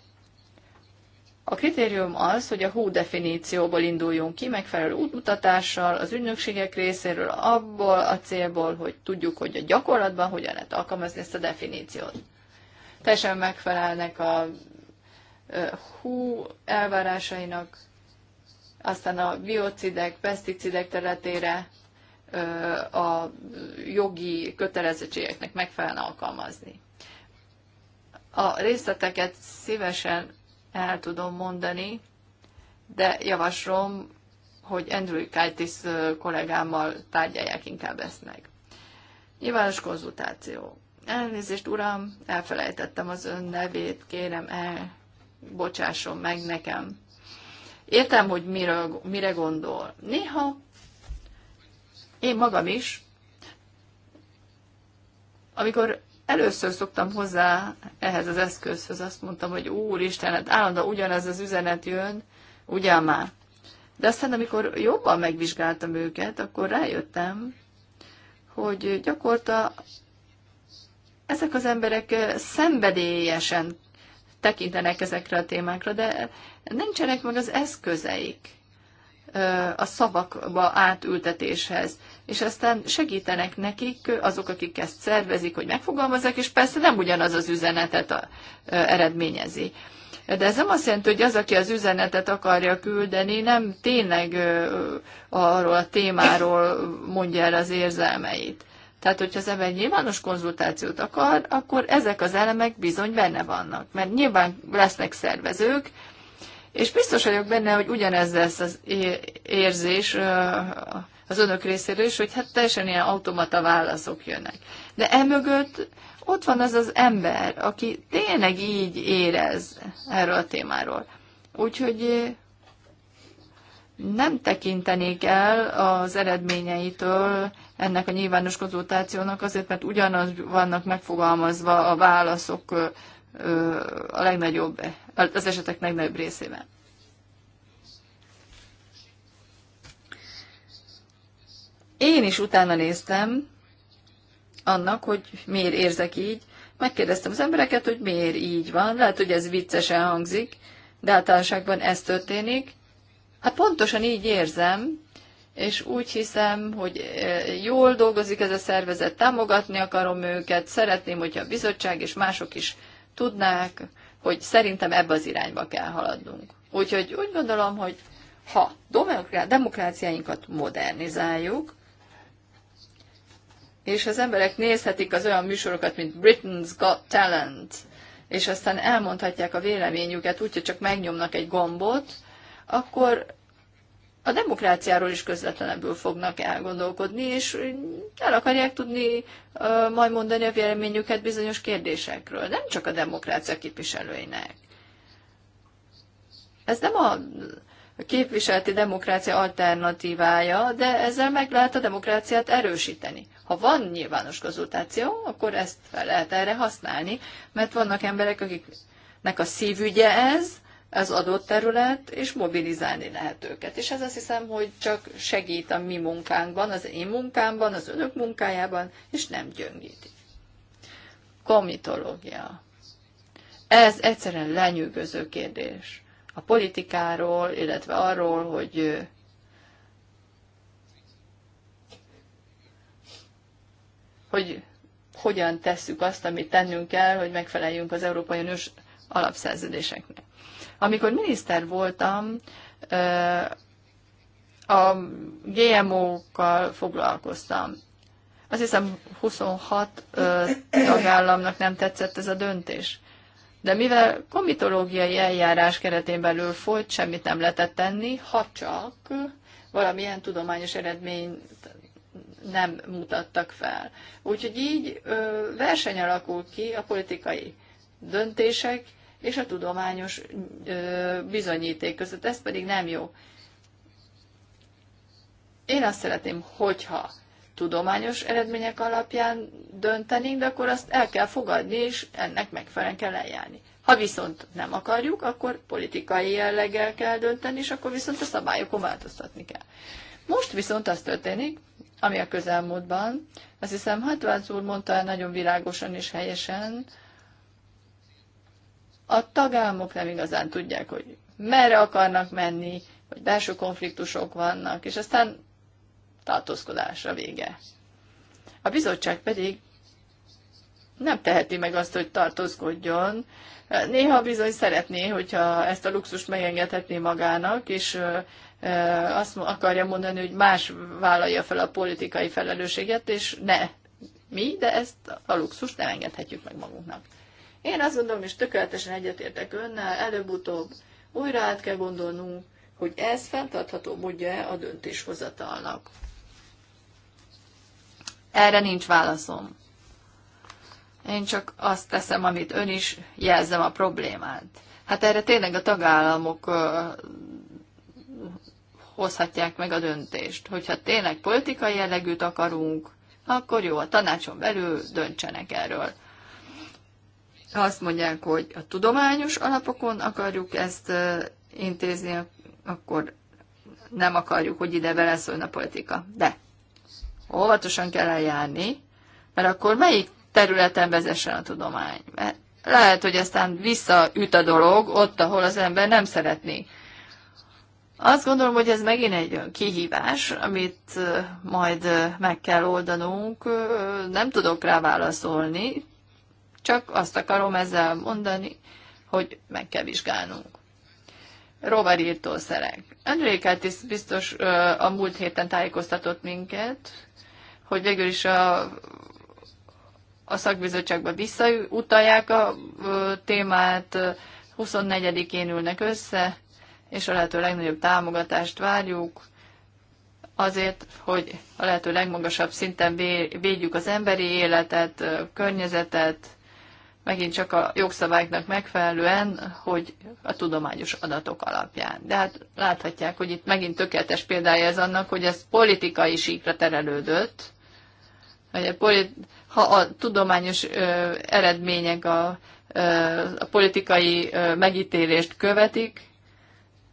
a kritérium az, hogy a hú definícióból induljunk ki, megfelelő útmutatással az ügynökségek részéről, abból a célból, hogy tudjuk, hogy a gyakorlatban hogyan lehet alkalmazni ezt a definíciót. Teljesen megfelelnek a hú elvárásainak, aztán a biocidek, peszticidek területére a jogi kötelezettségeknek megfelelne alkalmazni. A részleteket szívesen el tudom mondani, de javaslom, hogy Andrew Kaitis kollégámmal tárgyalják inkább ezt meg. Nyilvános konzultáció. Elnézést, uram, elfelejtettem az ön nevét, kérem el, bocsásson meg nekem. Értem, hogy miről, mire gondol. Néha én magam is, amikor először szoktam hozzá ehhez az eszközhöz, azt mondtam, hogy úristen, hát állandóan ugyanez az üzenet jön, ugyan már. De aztán, amikor jobban megvizsgáltam őket, akkor rájöttem, hogy gyakorta ezek az emberek eh, szenvedélyesen tekintenek ezekre a témákra, de nincsenek meg az eszközeik eh, a szavakba átültetéshez és aztán segítenek nekik azok, akik ezt szervezik, hogy megfogalmazzák, és persze nem ugyanaz az üzenetet a, eredményezi. De ez nem azt jelenti, hogy az, aki az üzenetet akarja küldeni, nem tényleg arról a témáról mondja el az érzelmeit. Tehát, hogyha az ember nyilvános konzultációt akar, akkor ezek az elemek bizony benne vannak. Mert nyilván lesznek szervezők, és biztos vagyok benne, hogy ugyanez lesz az érzés az önök részéről is, hogy hát teljesen ilyen automata válaszok jönnek. De emögött ott van az az ember, aki tényleg így érez erről a témáról. Úgyhogy eh, nem tekintenék el az eredményeitől ennek a nyilvános konzultációnak, azért mert ugyanaz vannak megfogalmazva a válaszok eh, eh, a legnagyobb, az esetek legnagyobb részében. Én is utána néztem annak, hogy miért érzek így. Megkérdeztem az embereket, hogy miért így van. Lehet, hogy ez viccesen hangzik, de általánoságban ez történik. Hát pontosan így érzem, és úgy hiszem, hogy e, jól dolgozik ez a szervezet, támogatni akarom őket, szeretném, hogyha a bizottság és mások is tudnák, hogy szerintem ebbe az irányba kell haladnunk. Úgyhogy úgy gondolom, hogy ha demokráciáinkat modernizáljuk, és az emberek nézhetik az olyan műsorokat, mint Britain's Got Talent, és aztán elmondhatják a véleményüket, úgyhogy csak megnyomnak egy gombot, akkor a demokráciáról is közvetlenebből fognak elgondolkodni, és el akarják tudni uh, majd mondani a véleményüket bizonyos kérdésekről, nem csak a demokrácia képviselőinek. Ez nem a a képviseleti demokrácia alternatívája, de ezzel meg lehet a demokráciát erősíteni. Ha van nyilvános konzultáció, akkor ezt fel lehet erre használni, mert vannak emberek, akiknek a szívügye ez, az adott terület, és mobilizálni lehet őket. És ez azt hiszem, hogy csak segít a mi munkánkban, az én munkámban, az önök munkájában, és nem gyöngíti. Komitológia. Ez egyszerűen lenyűgöző kérdés a politikáról, illetve arról, hogy hogy hogyan tesszük azt, amit tennünk kell, hogy megfeleljünk az Európai Uniós alapszerződéseknek. Amikor miniszter voltam, a GMO-kkal foglalkoztam. Azt hiszem 26 tagállamnak nem tetszett ez a döntés de mivel komitológiai eljárás keretén belül folyt, semmit nem lehetett tenni, ha csak valamilyen tudományos eredményt nem mutattak fel. Úgyhogy így ö, verseny alakul ki a politikai döntések és a tudományos ö, bizonyíték között. Ez pedig nem jó. Én azt szeretném, hogyha tudományos eredmények alapján döntenénk, de akkor azt el kell fogadni, és ennek megfelelően kell eljárni. Ha viszont nem akarjuk, akkor politikai jelleggel kell dönteni, és akkor viszont a szabályokon változtatni kell. Most viszont az történik, ami a közelmúltban, azt hiszem Hatvác úr mondta el nagyon világosan és helyesen, a tagállamok nem igazán tudják, hogy merre akarnak menni, hogy belső konfliktusok vannak, és aztán tartózkodásra vége. A bizottság pedig nem teheti meg azt, hogy tartózkodjon. Néha bizony szeretné, hogyha ezt a luxust megengedhetné magának, és azt akarja mondani, hogy más vállalja fel a politikai felelősséget, és ne mi, de ezt a luxust nem engedhetjük meg magunknak. Én azt gondolom, és tökéletesen egyetértek önnel, előbb-utóbb újra át kell gondolnunk, hogy ez fenntartható módja a döntéshozatalnak. Erre nincs válaszom. Én csak azt teszem, amit ön is jelzem a problémát. Hát erre tényleg a tagállamok hozhatják meg a döntést. Hogyha tényleg politikai jellegűt akarunk, akkor jó, a tanácson belül döntsenek erről. Azt mondják, hogy a tudományos alapokon akarjuk ezt intézni, akkor nem akarjuk, hogy ide beleszóljon a politika. De Óvatosan kell eljárni, mert akkor melyik területen vezessen a tudomány? Mert lehet, hogy aztán visszaüt a dolog ott, ahol az ember nem szeretné. Azt gondolom, hogy ez megint egy olyan kihívás, amit majd meg kell oldanunk. Nem tudok rá válaszolni, csak azt akarom ezzel mondani, hogy meg kell vizsgálnunk. Robert írtószerek. Enrique biztos a múlt héten tájékoztatott minket, hogy végül is a, a szakbizottságba visszautalják a témát, 24-én ülnek össze, és a lehető legnagyobb támogatást várjuk azért, hogy a lehető legmagasabb szinten védjük az emberi életet, környezetet, megint csak a jogszabályoknak megfelelően, hogy a tudományos adatok alapján. De hát láthatják, hogy itt megint tökéletes példája ez annak, hogy ez politikai síkra terelődött, ha a tudományos eredmények a, a politikai megítélést követik,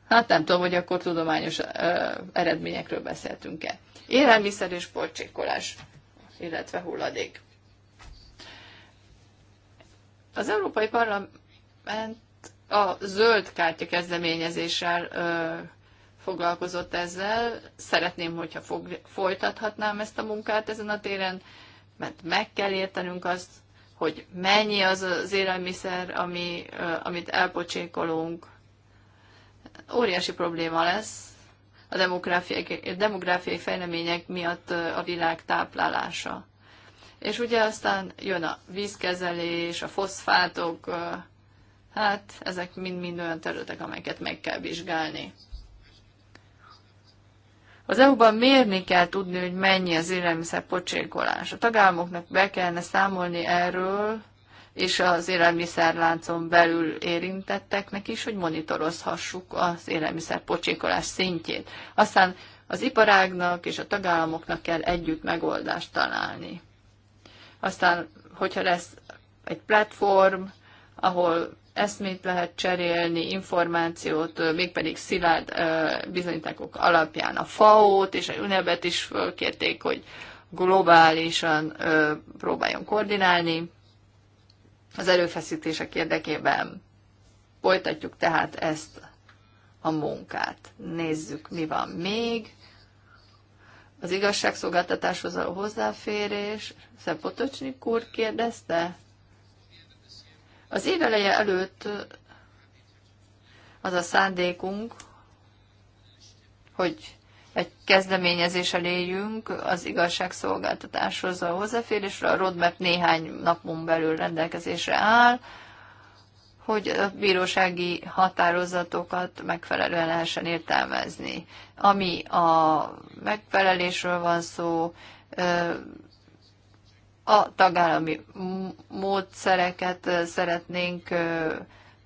hát nem tudom, hogy akkor tudományos eredményekről beszéltünk-e. Élelmiszer és sportcsékolás, illetve hulladék. Az Európai Parlament a zöld kártya kezdeményezéssel foglalkozott ezzel. Szeretném, hogyha fog, folytathatnám ezt a munkát ezen a téren, mert meg kell értenünk azt, hogy mennyi az az élelmiszer, ami, amit elpocsékolunk. Óriási probléma lesz a demográfiai, demográfiai fejlemények miatt a világ táplálása. És ugye aztán jön a vízkezelés, a foszfátok, hát ezek mind-mind olyan területek, amelyeket meg kell vizsgálni. Az EU-ban mérni kell tudni, hogy mennyi az élelmiszer pocsékolás. A tagállamoknak be kellene számolni erről, és az élelmiszerláncon belül érintetteknek is, hogy monitorozhassuk az élelmiszer pocsékolás szintjét. Aztán az iparágnak és a tagállamoknak kell együtt megoldást találni. Aztán, hogyha lesz egy platform, ahol eszmét lehet cserélni, információt, mégpedig szilárd bizonyítékok alapján a FAO-t és a UNEB-et is kérték, hogy globálisan próbáljon koordinálni az erőfeszítések érdekében. Folytatjuk tehát ezt a munkát. Nézzük, mi van még. Az igazságszolgáltatáshoz a hozzáférés. Szepotocsnik úr kérdezte? Az éveleje előtt az a szándékunk, hogy egy kezdeményezés eléjünk az igazságszolgáltatáshoz a hozzáférésre. A roadmap néhány napon belül rendelkezésre áll, hogy a bírósági határozatokat megfelelően lehessen értelmezni. Ami a megfelelésről van szó, a tagállami módszereket szeretnénk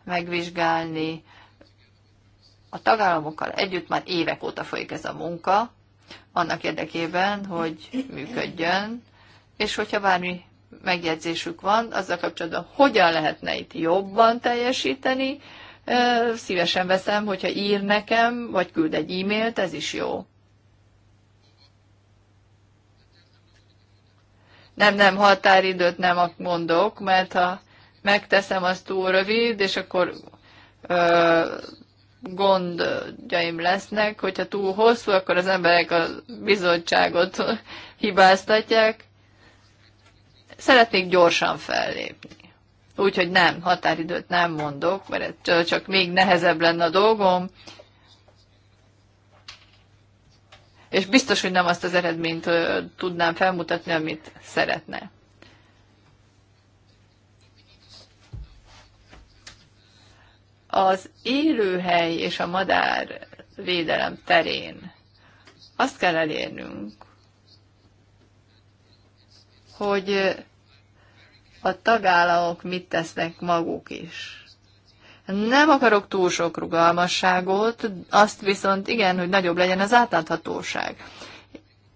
megvizsgálni. A tagállamokkal együtt már évek óta folyik ez a munka, annak érdekében, hogy működjön, és hogyha bármi megjegyzésük van, azzal kapcsolatban hogyan lehetne itt jobban teljesíteni, szívesen veszem, hogyha ír nekem, vagy küld egy e-mailt, ez is jó. Nem, nem, határidőt nem mondok, mert ha megteszem, az túl rövid, és akkor ö, gondjaim lesznek, hogyha túl hosszú, akkor az emberek a bizottságot [LAUGHS] hibáztatják. Szeretnék gyorsan fellépni. Úgyhogy nem, határidőt nem mondok, mert csak még nehezebb lenne a dolgom. és biztos, hogy nem azt az eredményt tudnám felmutatni, amit szeretne. Az élőhely és a madár védelem terén azt kell elérnünk, hogy a tagállamok mit tesznek maguk is. Nem akarok túl sok rugalmasságot, azt viszont igen, hogy nagyobb legyen az átláthatóság.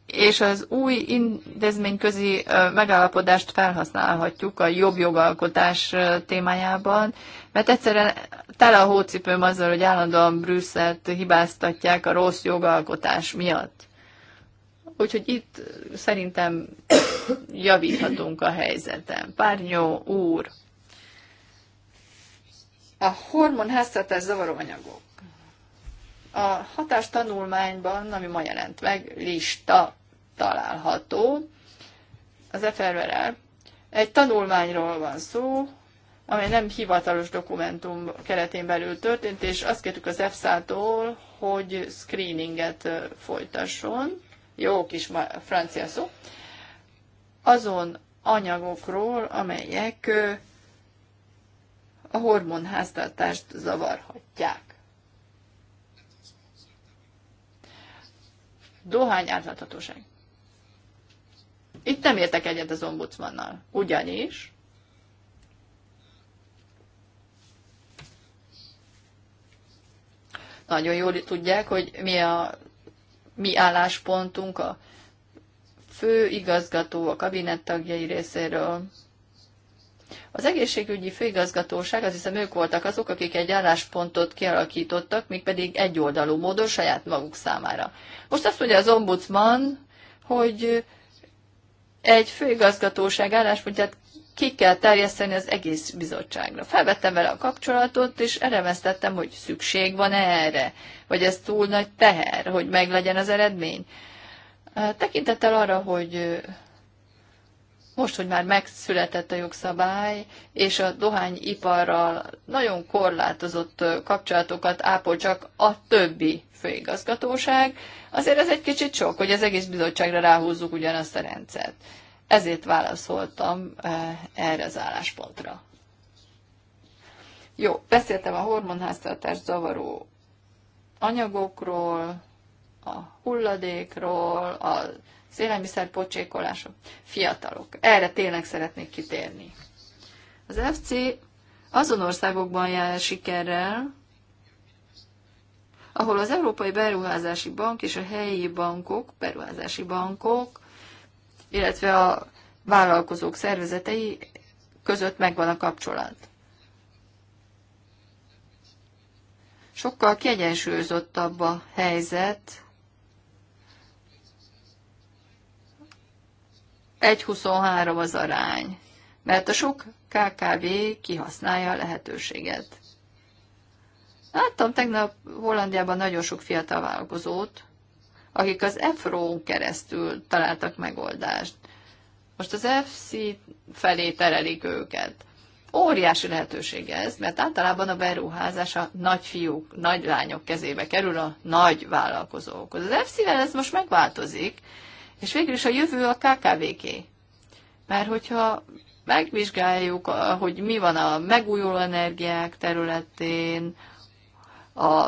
És az új intézményközi megállapodást felhasználhatjuk a jobb jogalkotás témájában, mert egyszerűen tele a hócipőm azzal, hogy állandóan Brüsszelt hibáztatják a rossz jogalkotás miatt. Úgyhogy itt szerintem javíthatunk a helyzeten. Párnyó úr! A hormon háztartás zavaró anyagok. A hatástanulmányban, ami ma jelent meg, lista található az FRRL. Egy tanulmányról van szó, amely nem hivatalos dokumentum keretén belül történt, és azt kértük az EFSA-tól, hogy screeninget folytasson, jó kis francia szó, azon anyagokról, amelyek a hormonháztartást zavarhatják. Dohány átláthatóság. Itt nem értek egyet az ombudsmannal. Ugyanis nagyon jól tudják, hogy mi a mi álláspontunk a fő igazgató a kabinettagjai tagjai részéről, az egészségügyi főigazgatóság, az hiszem ők voltak azok, akik egy álláspontot kialakítottak, mégpedig egyoldalú módon saját maguk számára. Most azt mondja az ombudsman, hogy egy főigazgatóság álláspontját ki kell terjeszteni az egész bizottságra. Felvettem vele a kapcsolatot, és elemeztettem, hogy szükség van -e erre, vagy ez túl nagy teher, hogy meglegyen az eredmény. Tekintettel arra, hogy most, hogy már megszületett a jogszabály, és a dohányiparral nagyon korlátozott kapcsolatokat ápol csak a többi főigazgatóság, azért ez egy kicsit sok, hogy az egész bizottságra ráhúzzuk ugyanazt a rendszert. Ezért válaszoltam erre az álláspontra. Jó, beszéltem a hormonháztartás zavaró anyagokról, a hulladékról, a az pocsékolások, fiatalok. Erre tényleg szeretnék kitérni. Az FC azon országokban jár sikerrel, ahol az Európai Beruházási Bank és a helyi bankok, beruházási bankok, illetve a vállalkozók szervezetei között megvan a kapcsolat. Sokkal kiegyensúlyozottabb a helyzet 1,23 az arány, mert a sok KKV kihasználja a lehetőséget. Láttam tegnap Hollandiában nagyon sok fiatal vállalkozót, akik az efro keresztül találtak megoldást. Most az FC felé terelik őket. Óriási lehetőség ez, mert általában a beruházás a nagy fiúk, nagy lányok kezébe kerül a nagy vállalkozókhoz. Az FC-vel ez most megváltozik, és végül is a jövő a KKV-ké. Mert hogyha megvizsgáljuk, hogy mi van a megújuló energiák területén, a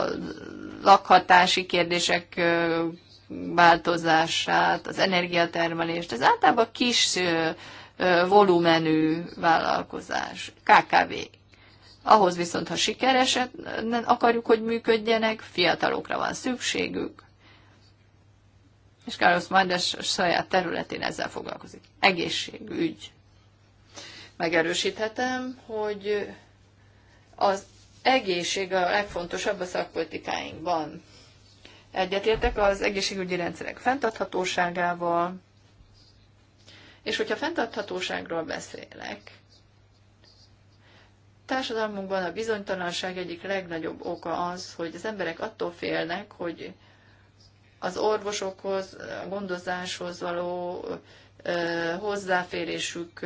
lakhatási kérdések változását, az energiatermelést, ez általában kis volumenű vállalkozás, KKV. Ahhoz viszont, ha sikeresen akarjuk, hogy működjenek, fiatalokra van szükségük, és Carlos Mendes saját területén ezzel foglalkozik. Egészségügy. Megerősíthetem, hogy az egészség a legfontosabb a szakpolitikáinkban. Egyetértek az egészségügyi rendszerek fenntarthatóságával, és hogyha fenntarthatóságról beszélek, társadalmunkban a bizonytalanság egyik legnagyobb oka az, hogy az emberek attól félnek, hogy az orvosokhoz, a gondozáshoz való hozzáférésük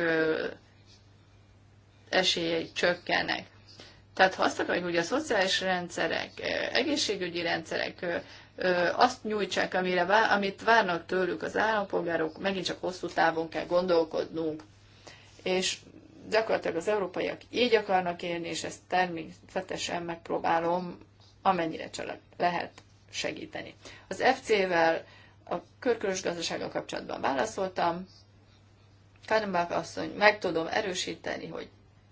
esélyei csökkenek. Tehát ha azt akarjuk, hogy a szociális rendszerek, egészségügyi rendszerek azt nyújtsák, amire, amit várnak tőlük az állampolgárok, megint csak hosszú távon kell gondolkodnunk. És gyakorlatilag az európaiak így akarnak élni, és ezt természetesen megpróbálom, amennyire csak lehet segíteni. Az FC-vel a körkörös gazdasággal kapcsolatban válaszoltam. Kárnbák asszony, meg tudom erősíteni, hogy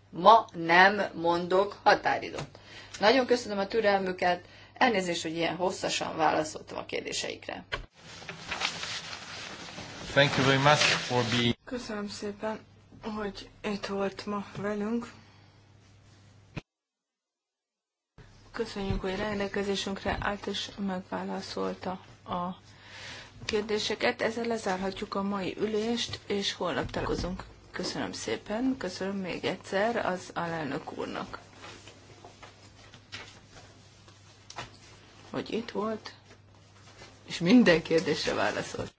ma nem mondok határidót. Nagyon köszönöm a türelmüket, elnézést, hogy ilyen hosszasan válaszoltam a kérdéseikre. Thank you very much for being... Köszönöm szépen, hogy itt volt ma velünk. Köszönjük, hogy rendelkezésünkre állt és megválaszolta a kérdéseket. Ezzel lezárhatjuk a mai ülést, és holnap találkozunk. Köszönöm szépen, köszönöm még egyszer az alelnök úrnak, hogy itt volt, és minden kérdésre válaszolt.